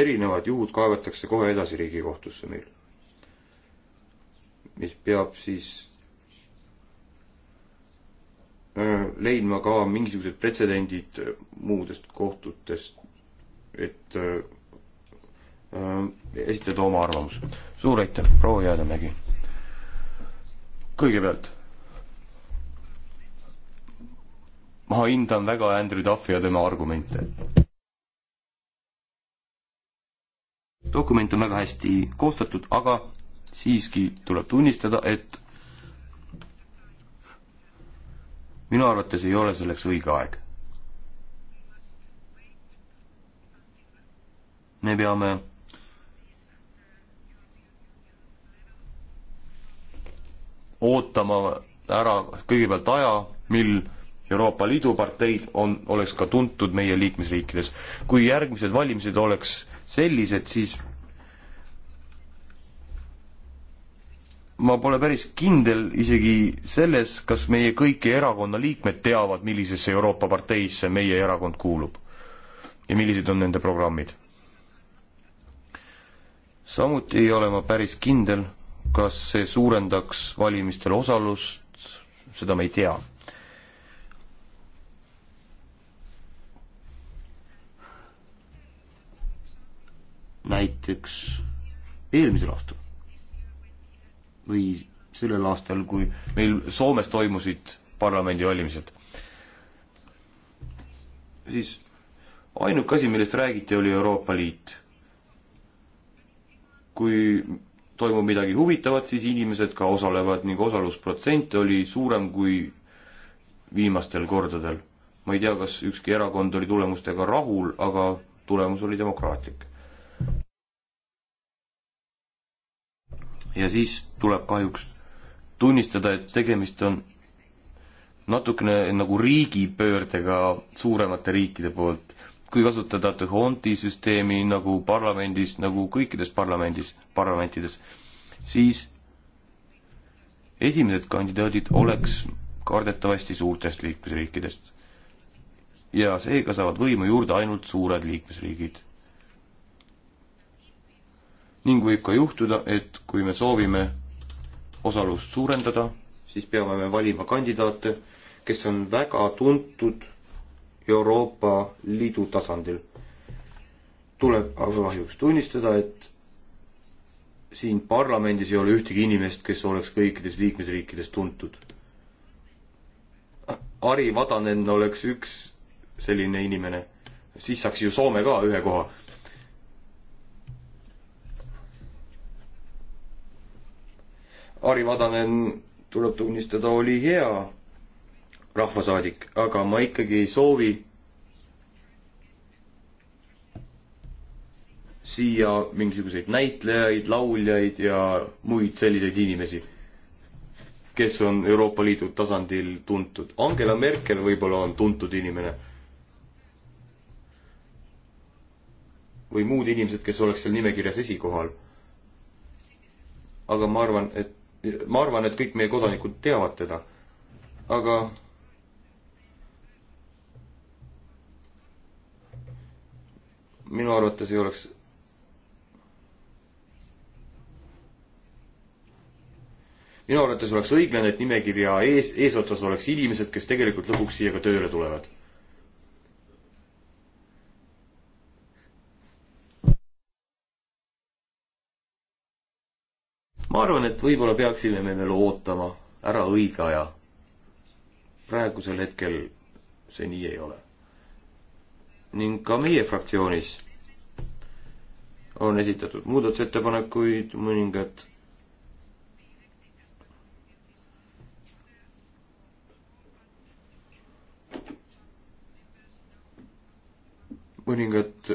erinevad juhud kaevatakse kohe edasi riigikohtusse meil. mis peab siis leidma ka mingisugused pretsedendid muudest kohtutest, et äh, esitada oma arvamus. suur aitäh, proua Jäädemägi! kõigepealt, ma hindan väga Andrew Duffi ja tema argumente. dokument on väga hästi koostatud, aga siiski tuleb tunnistada, et minu arvates ei ole selleks õige aeg. me peame ootama ära kõigepealt aja, mil Euroopa Liidu parteid on, oleks ka tuntud meie liikmesriikides. kui järgmised valimised oleks sellised, siis ma pole päris kindel isegi selles, kas meie kõiki erakonna liikmed teavad, millisesse Euroopa parteisse meie erakond kuulub ja millised on nende programmid. samuti ei ole ma päris kindel kas see suurendaks valimistel osalust, seda me ei tea. näiteks eelmisel aastal või sellel aastal, kui meil Soomes toimusid parlamendivalimised, siis ainuke asi, millest räägiti, oli Euroopa Liit. kui toimub midagi huvitavat, siis inimesed ka osalevad ning osalusprotsent oli suurem kui viimastel kordadel. ma ei tea, kas ükski erakond oli tulemustega rahul, aga tulemus oli demokraatlik. ja siis tuleb kahjuks tunnistada, et tegemist on natukene nagu riigipöördega suuremate riikide poolt kui kasutada Tehonti süsteemi nagu parlamendis, nagu kõikides parlamendis, parlamentides, siis esimesed kandidaadid oleks kardetavasti suurtest liikmesriikidest. ja seega saavad võimu juurde ainult suured liikmesriigid. ning võib ka juhtuda, et kui me soovime osalust suurendada, siis peame me valima kandidaate, kes on väga tuntud Euroopa Liidu tasandil. tuleb aga kahjuks tunnistada, et siin parlamendis ei ole ühtegi inimest, kes oleks kõikides liikmesriikides tuntud. Ari Vadanen oleks üks selline inimene, siis saaks ju Soome ka ühe koha. Ari Vadanen, tuleb tunnistada, oli hea rahvasaadik, aga ma ikkagi ei soovi siia mingisuguseid näitlejaid, lauljaid ja muid selliseid inimesi, kes on Euroopa Liidu tasandil tuntud. Angela Merkel võib-olla on tuntud inimene. või muud inimesed, kes oleks seal nimekirjas esikohal. aga ma arvan, et, ma arvan, et kõik meie kodanikud teavad teda. aga minu arvates ei oleks minu arvates oleks õiglane, et nimekirja ees, eesotsas oleks inimesed, kes tegelikult lõpuks siia ka tööle tulevad. ma arvan, et võib-olla peaksime me veel ootama ära õige aja. praegusel hetkel see nii ei ole ning ka meie fraktsioonis on esitatud muudatusettepanekuid, mõningad mõningad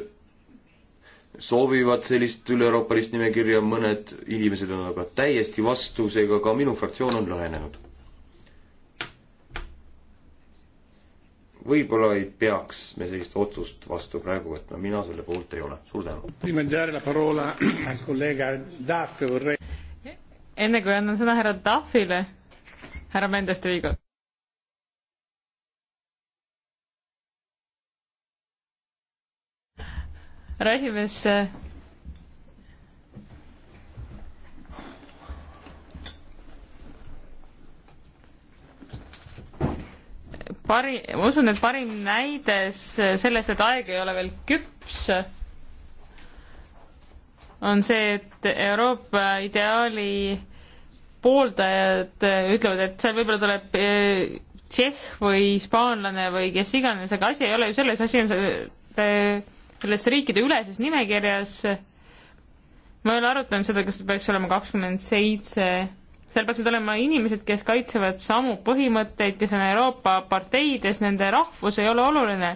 soovivad sellist üle-euroopalist nimekirja, mõned inimesed on aga täiesti vastu, seega ka minu fraktsioon on lõhenenud võib-olla ei peaks me sellist otsust vastu praegu võtma, mina selle poolt ei ole, suur tänu. enne kui annan sõna härra Tahvile, härra Mendes de Vigo. härra esimees pari-, ma usun, et parim näides sellest, et aeg ei ole veel küps, on see, et Euroopa ideaali pooldajad ütlevad, et seal võib-olla tuleb eh, tšehh või hispaanlane või kes iganes, aga asi ei ole ju selles, asi on sellest riikide üleses nimekirjas. ma ei ole arutanud seda, kas ta peaks olema kakskümmend seitse seal peaksid olema inimesed, kes kaitsevad samu põhimõtteid, kes on Euroopa parteides, nende rahvus ei ole oluline.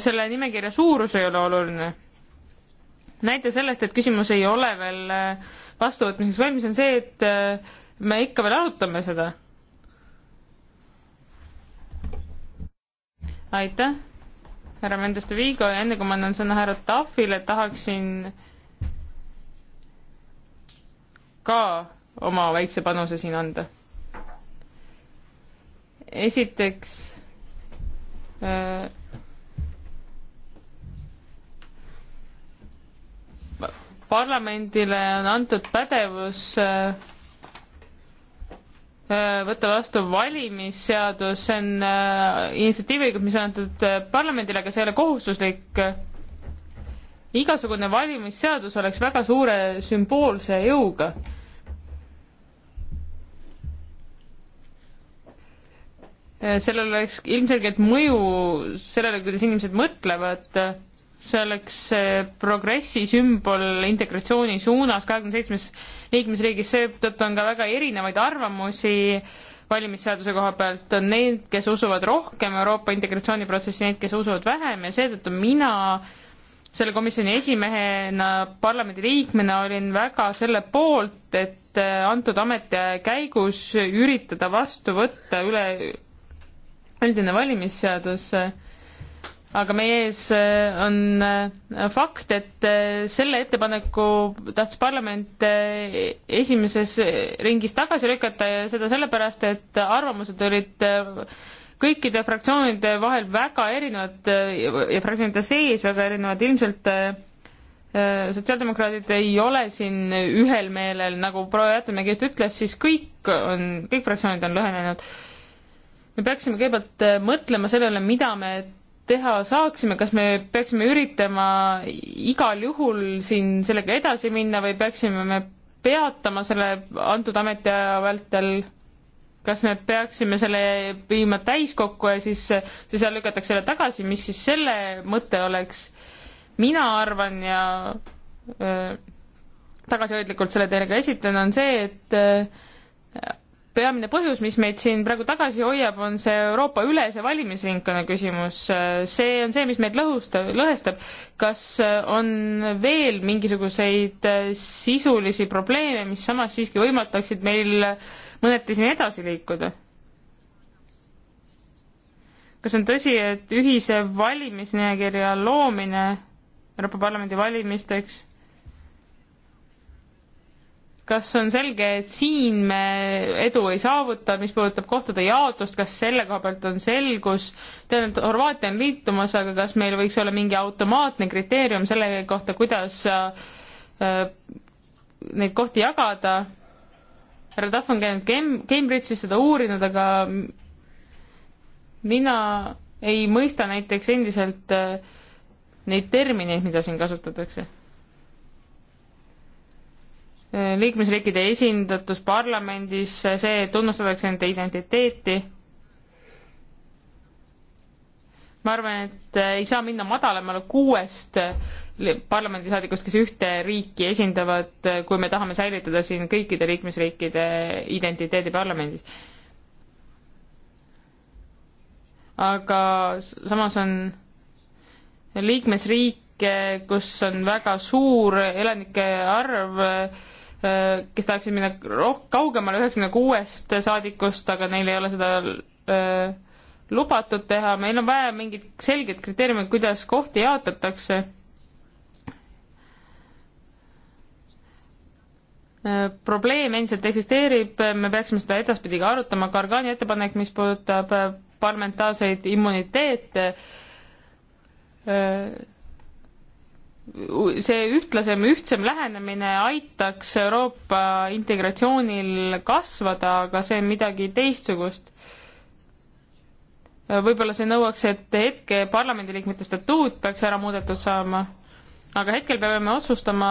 selle nimekirja suurus ei ole oluline. näide sellest, et küsimus ei ole veel äh, vastuvõtmiseks valmis, on see, et äh, me ikka veel arutame seda. aitäh, härra Mendes de Vigo ja enne kui ma annan sõna härra Tahvile, tahaksin ka oma väikse panuse siin anda. esiteks äh, parlamendile on antud pädevus äh, äh võtta vastu valimisseadus, see on äh, initsiatiiviõigus, mis on antud äh, parlamendile, aga see ei ole kohustuslik. igasugune valimisseadus oleks väga suure sümboolse jõuga Eh, sellel oleks ilmselgelt mõju sellele, kuidas inimesed mõtlevad, see oleks eh, progressi sümbol integratsiooni suunas kahekümne seitsmes liikmesriigis, seetõttu on ka väga erinevaid arvamusi valimisseaduse koha pealt, on neid, kes usuvad rohkem Euroopa integratsiooniprotsessi, neid, kes usuvad vähem ja seetõttu mina selle komisjoni esimehena, parlamendiliikmena olin väga selle poolt, et eh, antud ametiaja käigus üritada vastu võtta üle üldine valimisseadus, aga meie ees äh, on äh, fakt, et äh, selle ettepaneku tahtis parlament esimeses ringis tagasi lükata ja seda sellepärast, et arvamused olid kõikide fraktsioonide vahel väga erinevad ja fraktsioonide sees väga erinevad, ilmselt sotsiaaldemokraadid ei ole siin ühel meelel, nagu proua Jäätemägi just ütles, siis kõik on, kõik fraktsioonid on lõhenenud me peaksime kõigepealt äh, mõtlema sellele, mida me teha saaksime, kas me peaksime üritama igal juhul siin sellega edasi minna või peaksime me peatama selle antud ametiaja vältel, kas me peaksime selle viima täiskokku ja siis, siis seal lükatakse selle tagasi, mis siis selle mõte oleks? mina arvan ja öö, äh, tagasihoidlikult selle teile ka esitan, on see, et öö, äh, peamine põhjus, mis meid siin praegu tagasi hoiab, on see Euroopa ülese valimisringkonna küsimus. see on see, mis meid lõhustab, lõhestab. kas on veel mingisuguseid sisulisi probleeme, mis samas siiski võimaldaksid meil mõneti siin edasi liikuda? kas on tõsi, et ühise valimisnimekirja loomine Euroopa Parlamendi valimisteks kas on selge, et siin me edu ei saavuta, mis puudutab kohtade jaotust, kas selle koha pealt on selgus, tean, et Horvaatia on liitumas, aga kas meil võiks olla mingi automaatne kriteerium selle kohta, kuidas äh, neid kohti jagada? härra Tahv on käinud Cambridge'is seda uurinud, aga mina ei mõista näiteks endiselt äh, neid termineid, mida siin kasutatakse liikmesriikide esindatus parlamendis, see, tunnustatakse nende identiteeti. ma arvan, et ei saa minna madalamale kuuest parlamendisaadikust, kes ühte riiki esindavad, kui me tahame säilitada siin kõikide liikmesriikide identiteedi parlamendis. aga samas on liikmesriike, kus on väga suur elanike arv, Äh, kes tahaksid minna roh-, kaugemale üheksakümne kuuest saadikust, aga neil ei ole seda äh, lubatud teha, meil on vaja mingit selget kriteeriumi, kuidas kohti jaotatakse. Äh, probleem endiselt eksisteerib, me peaksime seda edaspidi ka arutama, Gargani ettepanek, mis puudutab parlamentaarseid immuniteete, see ühtlasem, ühtsem lähenemine aitaks Euroopa integratsioonil kasvada, aga see on midagi teistsugust. võib-olla see nõuaks, et hetke parlamendiliikmete statuut peaks ära muudetud saama, aga hetkel peame me otsustama,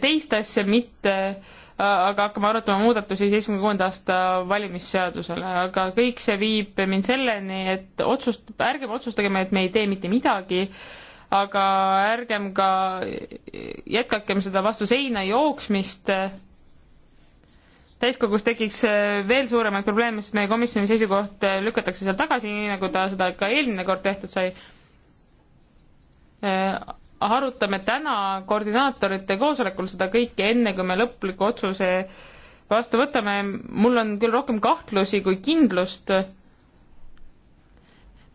teist asja, mitte äh, aga hakkame arutama muudatusi seitsmekümne kuuenda aasta valimisseadusele, aga kõik see viib mind selleni, et otsust, ärgem otsustagem, et me ei tee mitte midagi, aga ärgem ka jätkakem seda vastu seina jooksmist, täiskogus tekiks veel suuremaid probleeme, sest meie komisjoni seisukoht lükatakse seal tagasi, nii nagu ta seda ka eelmine kord tehtud sai arutame täna koordinaatorite koosolekul seda kõike, enne kui me lõpliku otsuse vastu võtame. mul on küll rohkem kahtlusi kui kindlust.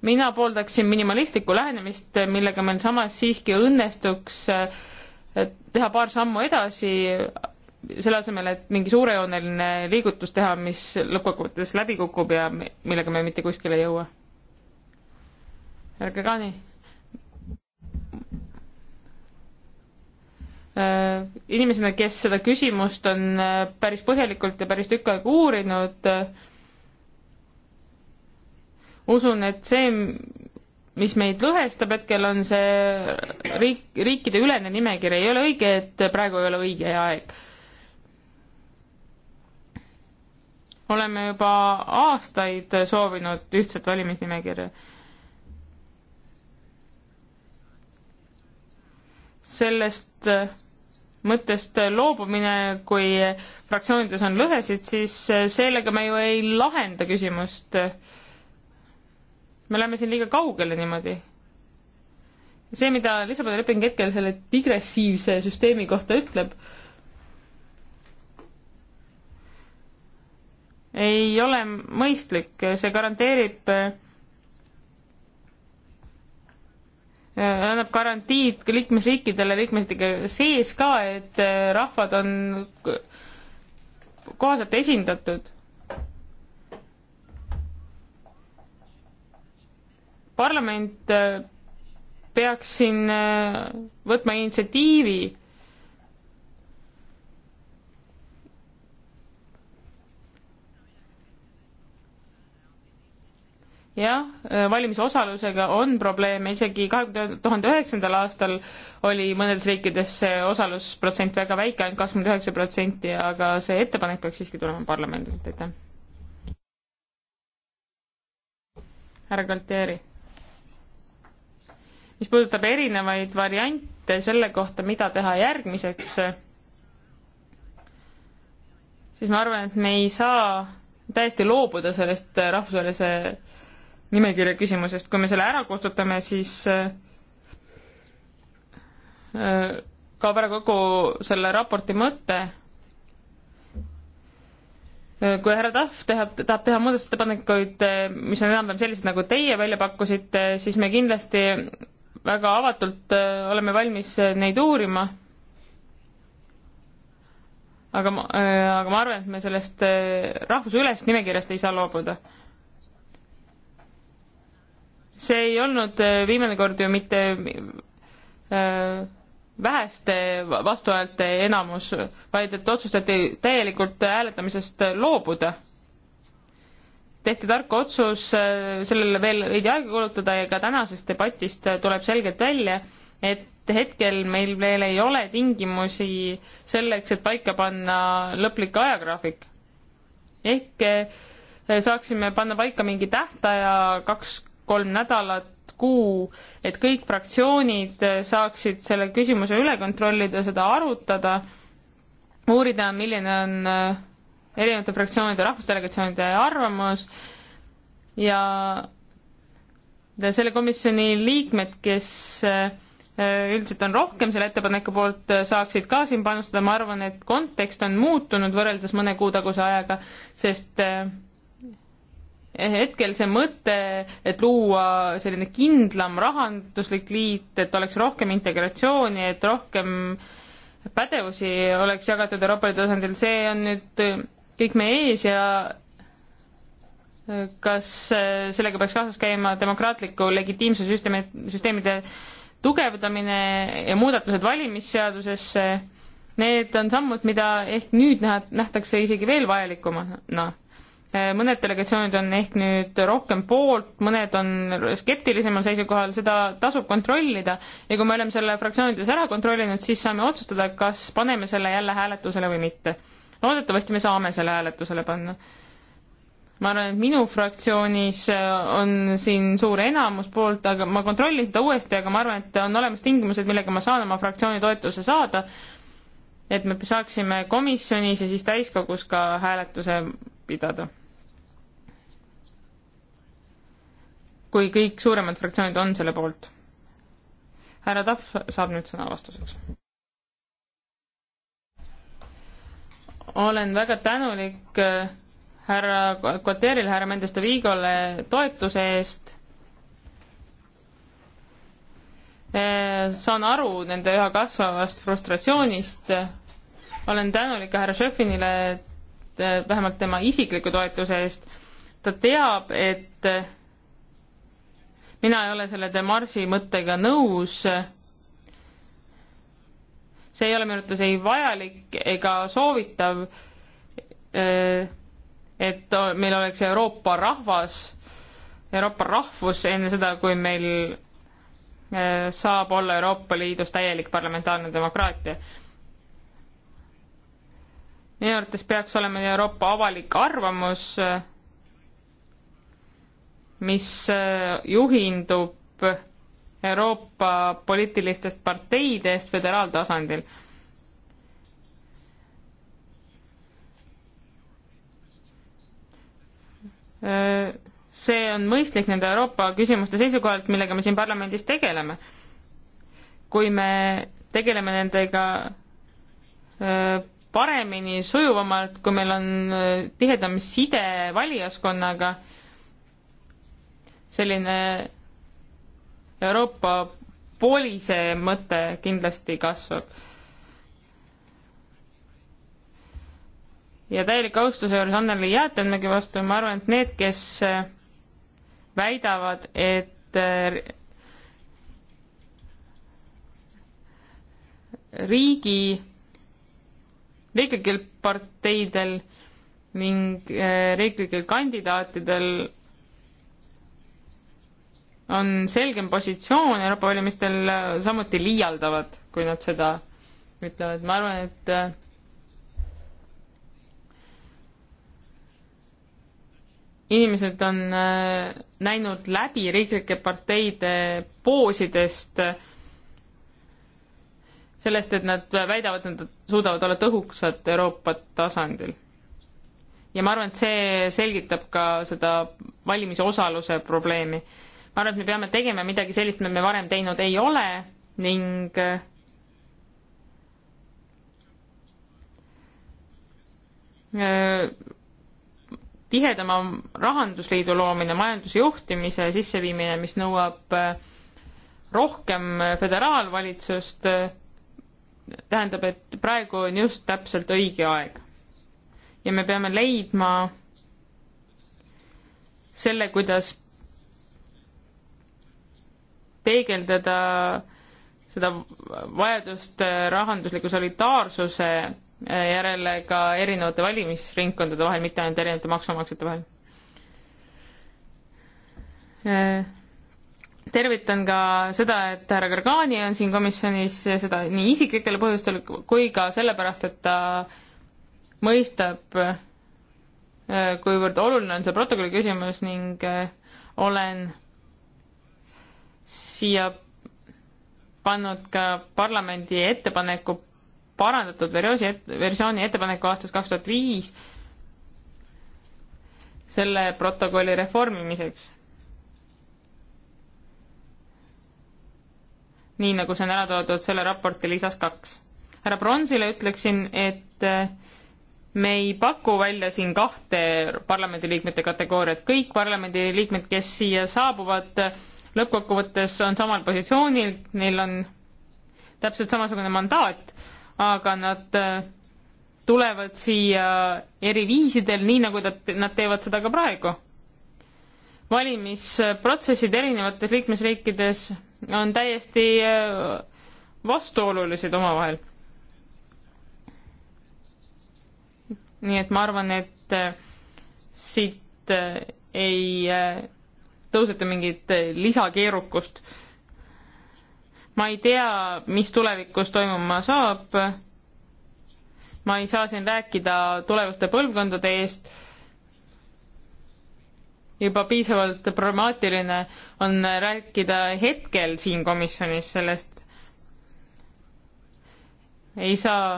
mina pooldaksin minimalistlikku lähenemist, millega meil samas siiski õnnestuks eh, teha paar sammu edasi, selle asemel, et mingi suurejooneline liigutus teha, mis lõppkokkuvõttes läbi kukub ja millega me mitte kuskile ei jõua. ärge ka nii Äh, inimesena, kes seda küsimust on äh, päris põhjalikult ja päris tükk aega uurinud, äh, usun, et see, mis meid lõhestab hetkel, on see riik, riikide ülene nimekiri, ei ole õige, et praegu ei ole õige aeg. oleme juba aastaid soovinud ühtset valimisnimekirja sellest mõttest loobumine, kui fraktsioonides on lõhesid, siis eh, sellega me ju ei lahenda küsimust. me läheme siin liiga kaugele niimoodi. see, mida Lissaboni leping hetkel selle digressiivse süsteemi kohta ütleb, ei ole mõistlik, see garanteerib eh, Äh, annab garantiid ka liikmesriikidele, liikmesriikide sees ka, et äh, rahvad on kohaselt esindatud. parlament äh, peaks siin võtma initsiatiivi jah, äh, valimisosalusega on probleeme, isegi kahe tuhande üheksandal aastal oli mõnedes riikides see osalusprotsent väga väike, ainult kakskümmend üheksa protsenti, aga see ettepanek peaks siiski tulema parlamendilt, aitäh. härra Galtieri. mis puudutab erinevaid variante selle kohta, mida teha järgmiseks, siis ma arvan, et me ei saa täiesti loobuda sellest rahvusvahelise nimekirja küsimusest, kui me selle ära kustutame, siis äh, äh, kaob ära kogu selle raporti mõte. Äh, kui härra Tahv tahab, tahab teha muudatusettepanekuid, mis on enam-vähem sellised, nagu teie välja pakkusite, siis me kindlasti väga avatult oleme valmis neid uurima. aga ma, aga ma arvan, et me sellest rahvuse ülest nimekirjast ei saa loobuda see ei olnud äh, viimane kord ju mitte äh, väheste vastuhäälte enamus, vaid et otsustati täielikult hääletamisest loobuda. tehti tark otsus äh, sellele veel veidi aega kulutada ja ka tänasest debatist tuleb selgelt välja, et hetkel meil veel ei ole tingimusi selleks, et paika panna lõplik ajagraafik. ehk saaksime panna paika mingi tähtaja kaks kolm nädalat, kuu, et kõik fraktsioonid saaksid selle küsimuse üle kontrollida, seda arutada, uurida, milline on äh, erinevate fraktsioonide, rahvusdelegatsioonide arvamus ja selle komisjoni liikmed, kes äh, äh, üldiselt on rohkem selle ettepaneku poolt, saaksid ka siin panustada, ma arvan, et kontekst on muutunud võrreldes mõne kuu taguse ajaga, sest hetkel see mõte, et luua selline kindlam rahanduslik liit, et oleks rohkem integratsiooni, et rohkem pädevusi oleks jagatud Euroopa Liidu tasandil, see on nüüd kõik meie ees ja kas sellega peaks kaasas käima demokraatliku legitiimsuse süsteemi, süsteemide tugevdamine ja muudatused valimisseadusesse, need on sammud, mida ehk nüüd näha, nähtakse isegi veel vajalikumana no Eh, mõned delegatsioonid on ehk nüüd rohkem poolt, mõned on skeptilisemal seisukohal, seda tasub kontrollida ja kui me oleme selle fraktsioonides ära kontrollinud, siis saame otsustada, kas paneme selle jälle hääletusele või mitte. loodetavasti me saame selle hääletusele panna. ma arvan, et minu fraktsioonis eh, on siin suur enamus poolt, aga ma kontrollin seda uuesti, aga ma arvan, et on olemas tingimused, millega ma saan oma fraktsiooni toetuse saada, et me saaksime komisjonis ja siis täiskogus ka hääletuse pidada kui kõik suuremad fraktsioonid on selle poolt. härra Tahv saab nüüd sõna vastuseks. olen väga tänulik äh, härra Guaterile, härra Mendes de Vigole toetuse eest äh, saan aru nende üha kasvavast frustratsioonist. olen tänulik härra Šefinile äh, vähemalt tema isikliku toetuse eest. ta teab, et mina ei ole selle demarsi mõttega nõus. see ei ole minu arvates ei vajalik ega soovitav, eh, et meil oleks Euroopa rahvas, Euroopa rahvus enne seda, kui meil eh, saab olla Euroopa Liidus täielik parlamentaarne demokraatia minu arvates peaks olema Euroopa avalik arvamus eh, mis äh, juhindub Euroopa poliitilistest parteidest föderaaltasandil. Äh, see on mõistlik nende Euroopa küsimuste seisukohalt, millega me siin parlamendis tegeleme. kui me tegeleme nendega äh, paremini, sujuvamalt, kui meil on tihedam side valijaskonnaga selline Euroopa poolise mõte kindlasti kasvab. ja täieliku austuse juures Anneli Jäätemägi vastu ma arvan, et need, kes väidavad, et äh, riigi, riiklikel parteidel ning äh, riiklikel kandidaatidel on selgem positsioon Euroopa valimistel, samuti liialdavad, kui nad seda ütlevad. ma arvan, et äh, inimesed on äh, näinud läbi riiklike parteide poosidest sellest, et nad väidavad, et nad suudavad olla tõhusad Euroopa tasandil ja ma arvan, et see selgitab ka seda valimisosaluse probleemi ma arvan, et me peame tegema midagi sellist, mida me varem teinud ei ole ning äh, tihedama rahandusliidu loomine, majandusjuhtimise sisseviimine, mis nõuab äh, rohkem föderaalvalitsust, äh, tähendab, et praegu on just täpselt õige aeg. ja me peame leidma selle, kuidas peegeldada seda vajadust rahandusliku solidaarsuse järele ka erinevate valimisringkondade vahel, mitte ainult erinevate maksumaksjate vahel. tervitan ka seda, et härra Gargani on siin komisjonis ja seda nii isiklikel põhjustel kui ka sellepärast, et ta mõistab, eh, kuivõrd oluline on see protokolli küsimus ning eh, olen siia pannud ka parlamendi ettepaneku parandatud versiooni, versiooni ettepaneku aastast kaks tuhat viis selle protokolli reformimiseks. nii nagu see on ära toodud selle raporti lisas kaks. härra Bronsile ütleksin, et eh, me ei paku välja siin kahte parlamendiliikmete kategooriat, kõik parlamendiliikmed, kes siia saabuvad, lõppkokkuvõttes on samal positsioonil, neil on täpselt samasugune mandaat, aga nad äh, tulevad siia eri viisidel, nii nagu nad teevad seda ka praegu. valimisprotsessid erinevates liikmesriikides on täiesti äh, vastuolulised omavahel. nii et ma arvan, et äh, siit ei tõusete mingit eh, lisakeerukust. ma ei tea, mis tulevikus toimuma saab. ma ei saa siin rääkida tulevaste põlvkondade eest. juba piisavalt problemaatiline on rääkida hetkel siin komisjonis sellest. ei saa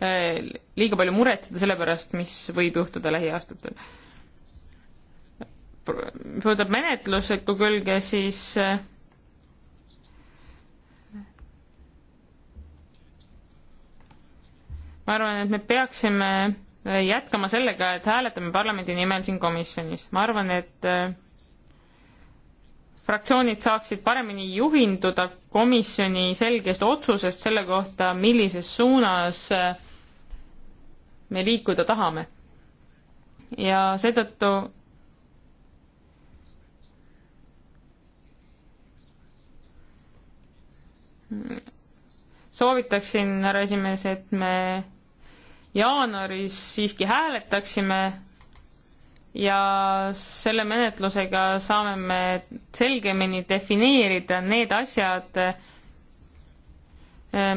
eh, liiga palju muretseda selle pärast, mis võib juhtuda lähiaastatel mis puudutab menetluslikku külge, siis äh, ma arvan, et me peaksime äh, jätkama sellega, et hääletame parlamendi nimel siin komisjonis. ma arvan, et äh, fraktsioonid saaksid paremini juhinduda komisjoni selgest otsusest selle kohta, millises suunas me liikuda tahame. ja seetõttu soovitaksin, härra esimees, et me jaanuaris siiski hääletaksime ja selle menetlusega saame me selgemini defineerida need asjad,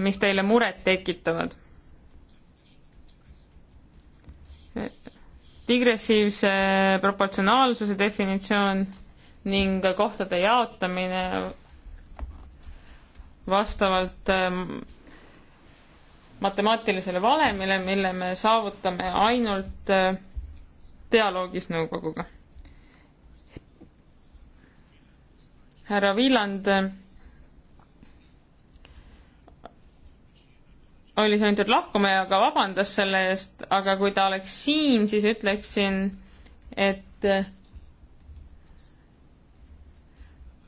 mis teile muret tekitavad. digressiivse proportsionaalsuse definitsioon ning kohtade jaotamine vastavalt ähm, matemaatilisele valemile, mille me saavutame ainult äh, dialoogis nõukoguga. härra Viiland äh, oli sunnitud lahkuma ja ka vabandas selle eest, aga kui ta oleks siin, siis ütleksin, et äh,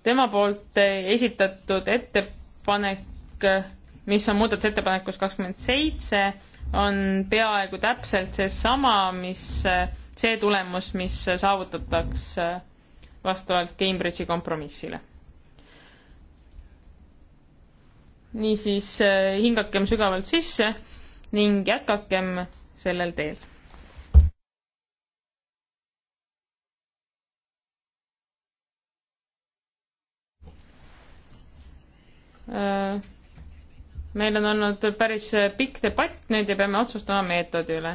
tema poolt esitatud ette ettepanek, mis on muudatusettepanekus kakskümmend seitse, on peaaegu täpselt seesama, mis, see tulemus, mis saavutatakse vastavalt Cambridge'i kompromissile. niisiis hingakem sügavalt sisse ning jätkakem sellel teel. Äh, meil on olnud päris pikk debatt nüüd ja peame otsustama meetodi üle.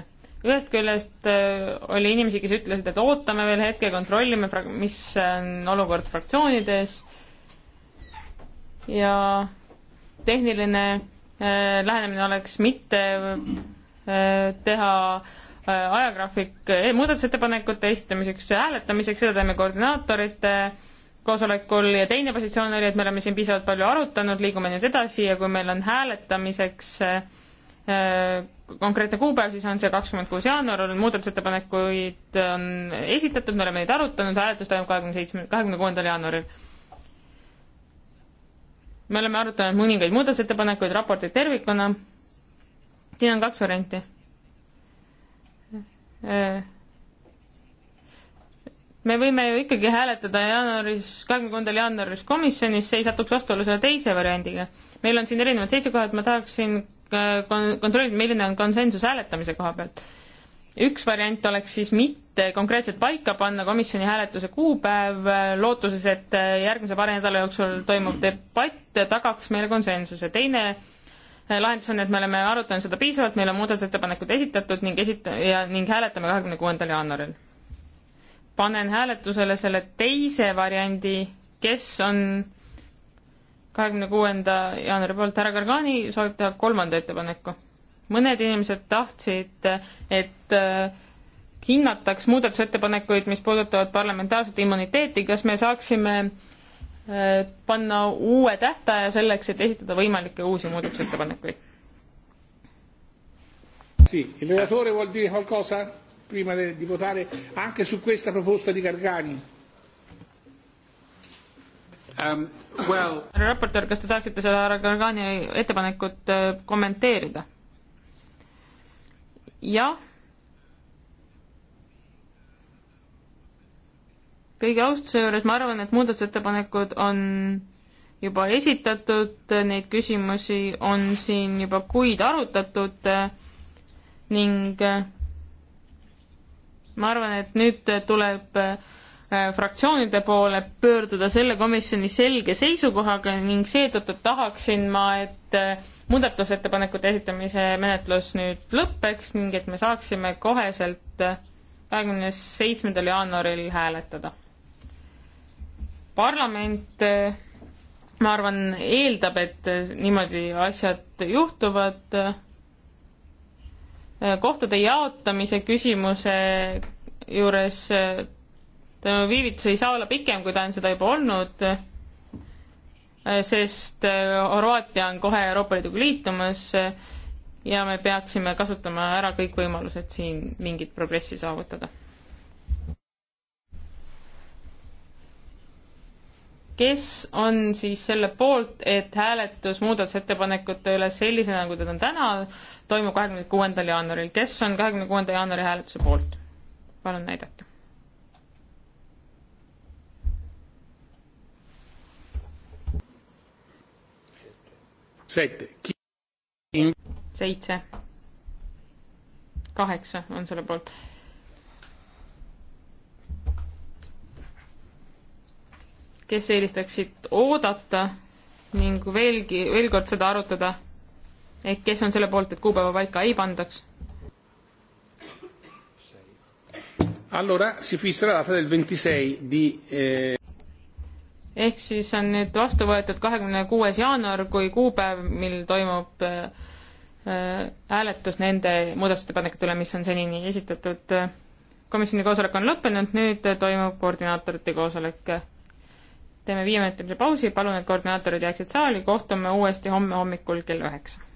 ühest küljest äh, oli inimesi, kes ütlesid, et ootame veel hetke, kontrollime, mis on olukord fraktsioonides ja tehniline äh, lähenemine oleks mitte teha ajagraafik muudatusettepanekute esitamiseks ja hääletamiseks, seda teeme koordinaatorite äh, koosolekul ja teine positsioon oli, et me oleme siin piisavalt palju arutanud, liigume nüüd edasi ja kui meil on hääletamiseks äh, konkreetne kuupäev, siis on see kakskümmend kuus jaanuar, muudatusettepanekuid on esitatud, me oleme neid arutanud, hääletus toimub kahekümne seitsme, kahekümne kuuendal jaanuaril. me oleme arutanud mõningaid muudatusettepanekuid, raportit tervikuna. siin on kaks varianti äh, me võime ju ikkagi hääletada jaanuaris, kahekümne kolmandal jaanuaris komisjonis, see ei satuks vastuollu selle teise variandiga. meil on siin erinevad seisukohad, ma tahaksin äh, kon-, kontrollida, milline on konsensus hääletamise koha pealt. üks variant oleks siis mitte konkreetselt paika panna komisjoni hääletuse kuupäev, äh, lootuses, et äh, järgmise paari nädala jooksul toimuv debatt tagaks meile konsensuse, teine lahendus on, et me oleme arutanud seda piisavalt, meil on muudatusettepanekud esitatud ning esit- ja ning hääletame kahekümne kuuendal jaanuaril panen hääletusele selle teise variandi, kes on kahekümne kuuenda jaanuari poolt, härra Gargani soovib teha kolmanda ettepaneku. mõned inimesed tahtsid, et äh, hinnataks muudatusettepanekuid, mis puudutavad parlamentaarset immuniteeti, kas me saaksime äh, panna uue tähtaja selleks, et esitada võimalikke uusi muudatusettepanekuid? Sì, il relatore vuol dire qualcosa? prima de, di votare anche su questa proposta di Gargani? Um, well... härra raportöör, kas te tahaksite seda härra Gargani ettepanekut äh, kommenteerida? jah. kõige austuse juures ma arvan, et muudatusettepanekud on juba esitatud, neid küsimusi on siin juba kuid arutatud äh, ning äh, ma arvan, et nüüd tuleb äh, fraktsioonide poole pöörduda selle komisjoni selge seisukohaga ning seetõttu tahaksin ma, et äh, muudatusettepanekute esitamise menetlus nüüd lõpeks ning et me saaksime koheselt äh, kahekümne seitsmendal jaanuaril hääletada. parlament, ma arvan, eeldab, et niimoodi asjad juhtuvad kohtade jaotamise küsimuse juures tema viivitus ei saa olla pikem, kui ta on seda juba olnud, sest Horvaatia on kohe Euroopa Liiduga liitumas ja me peaksime kasutama ära kõik võimalused siin mingit progressi saavutada. kes on siis selle poolt, et hääletus muudatusettepanekute üle sellisena, nagu ta on täna, toimub kahekümne kuuendal jaanuaril. kes on kahekümne kuuenda jaanuari hääletuse poolt? palun näidake. seitse. kaheksa on selle poolt. kes eelistaksid oodata ning veelgi, veel kord seda arutada ehk kes on selle poolt, et kuupäeva paika ei pandaks? Allora si fissa la data del 26 di eh... ehk siis on nüüd vastu võetud kahekümne kuues jaanuar kui kuupäev, mil toimub eh, hääletus äh, nende muudatusettepanekute üle, mis on senini esitatud. komisjoni koosolek on lõppenud, nüüd toimub koordinaatorite koosolek. teeme viieminutilise pausi, palun, et koordinaatorid jääksid saali, kohtume uuesti homme hommikul kell üheksa.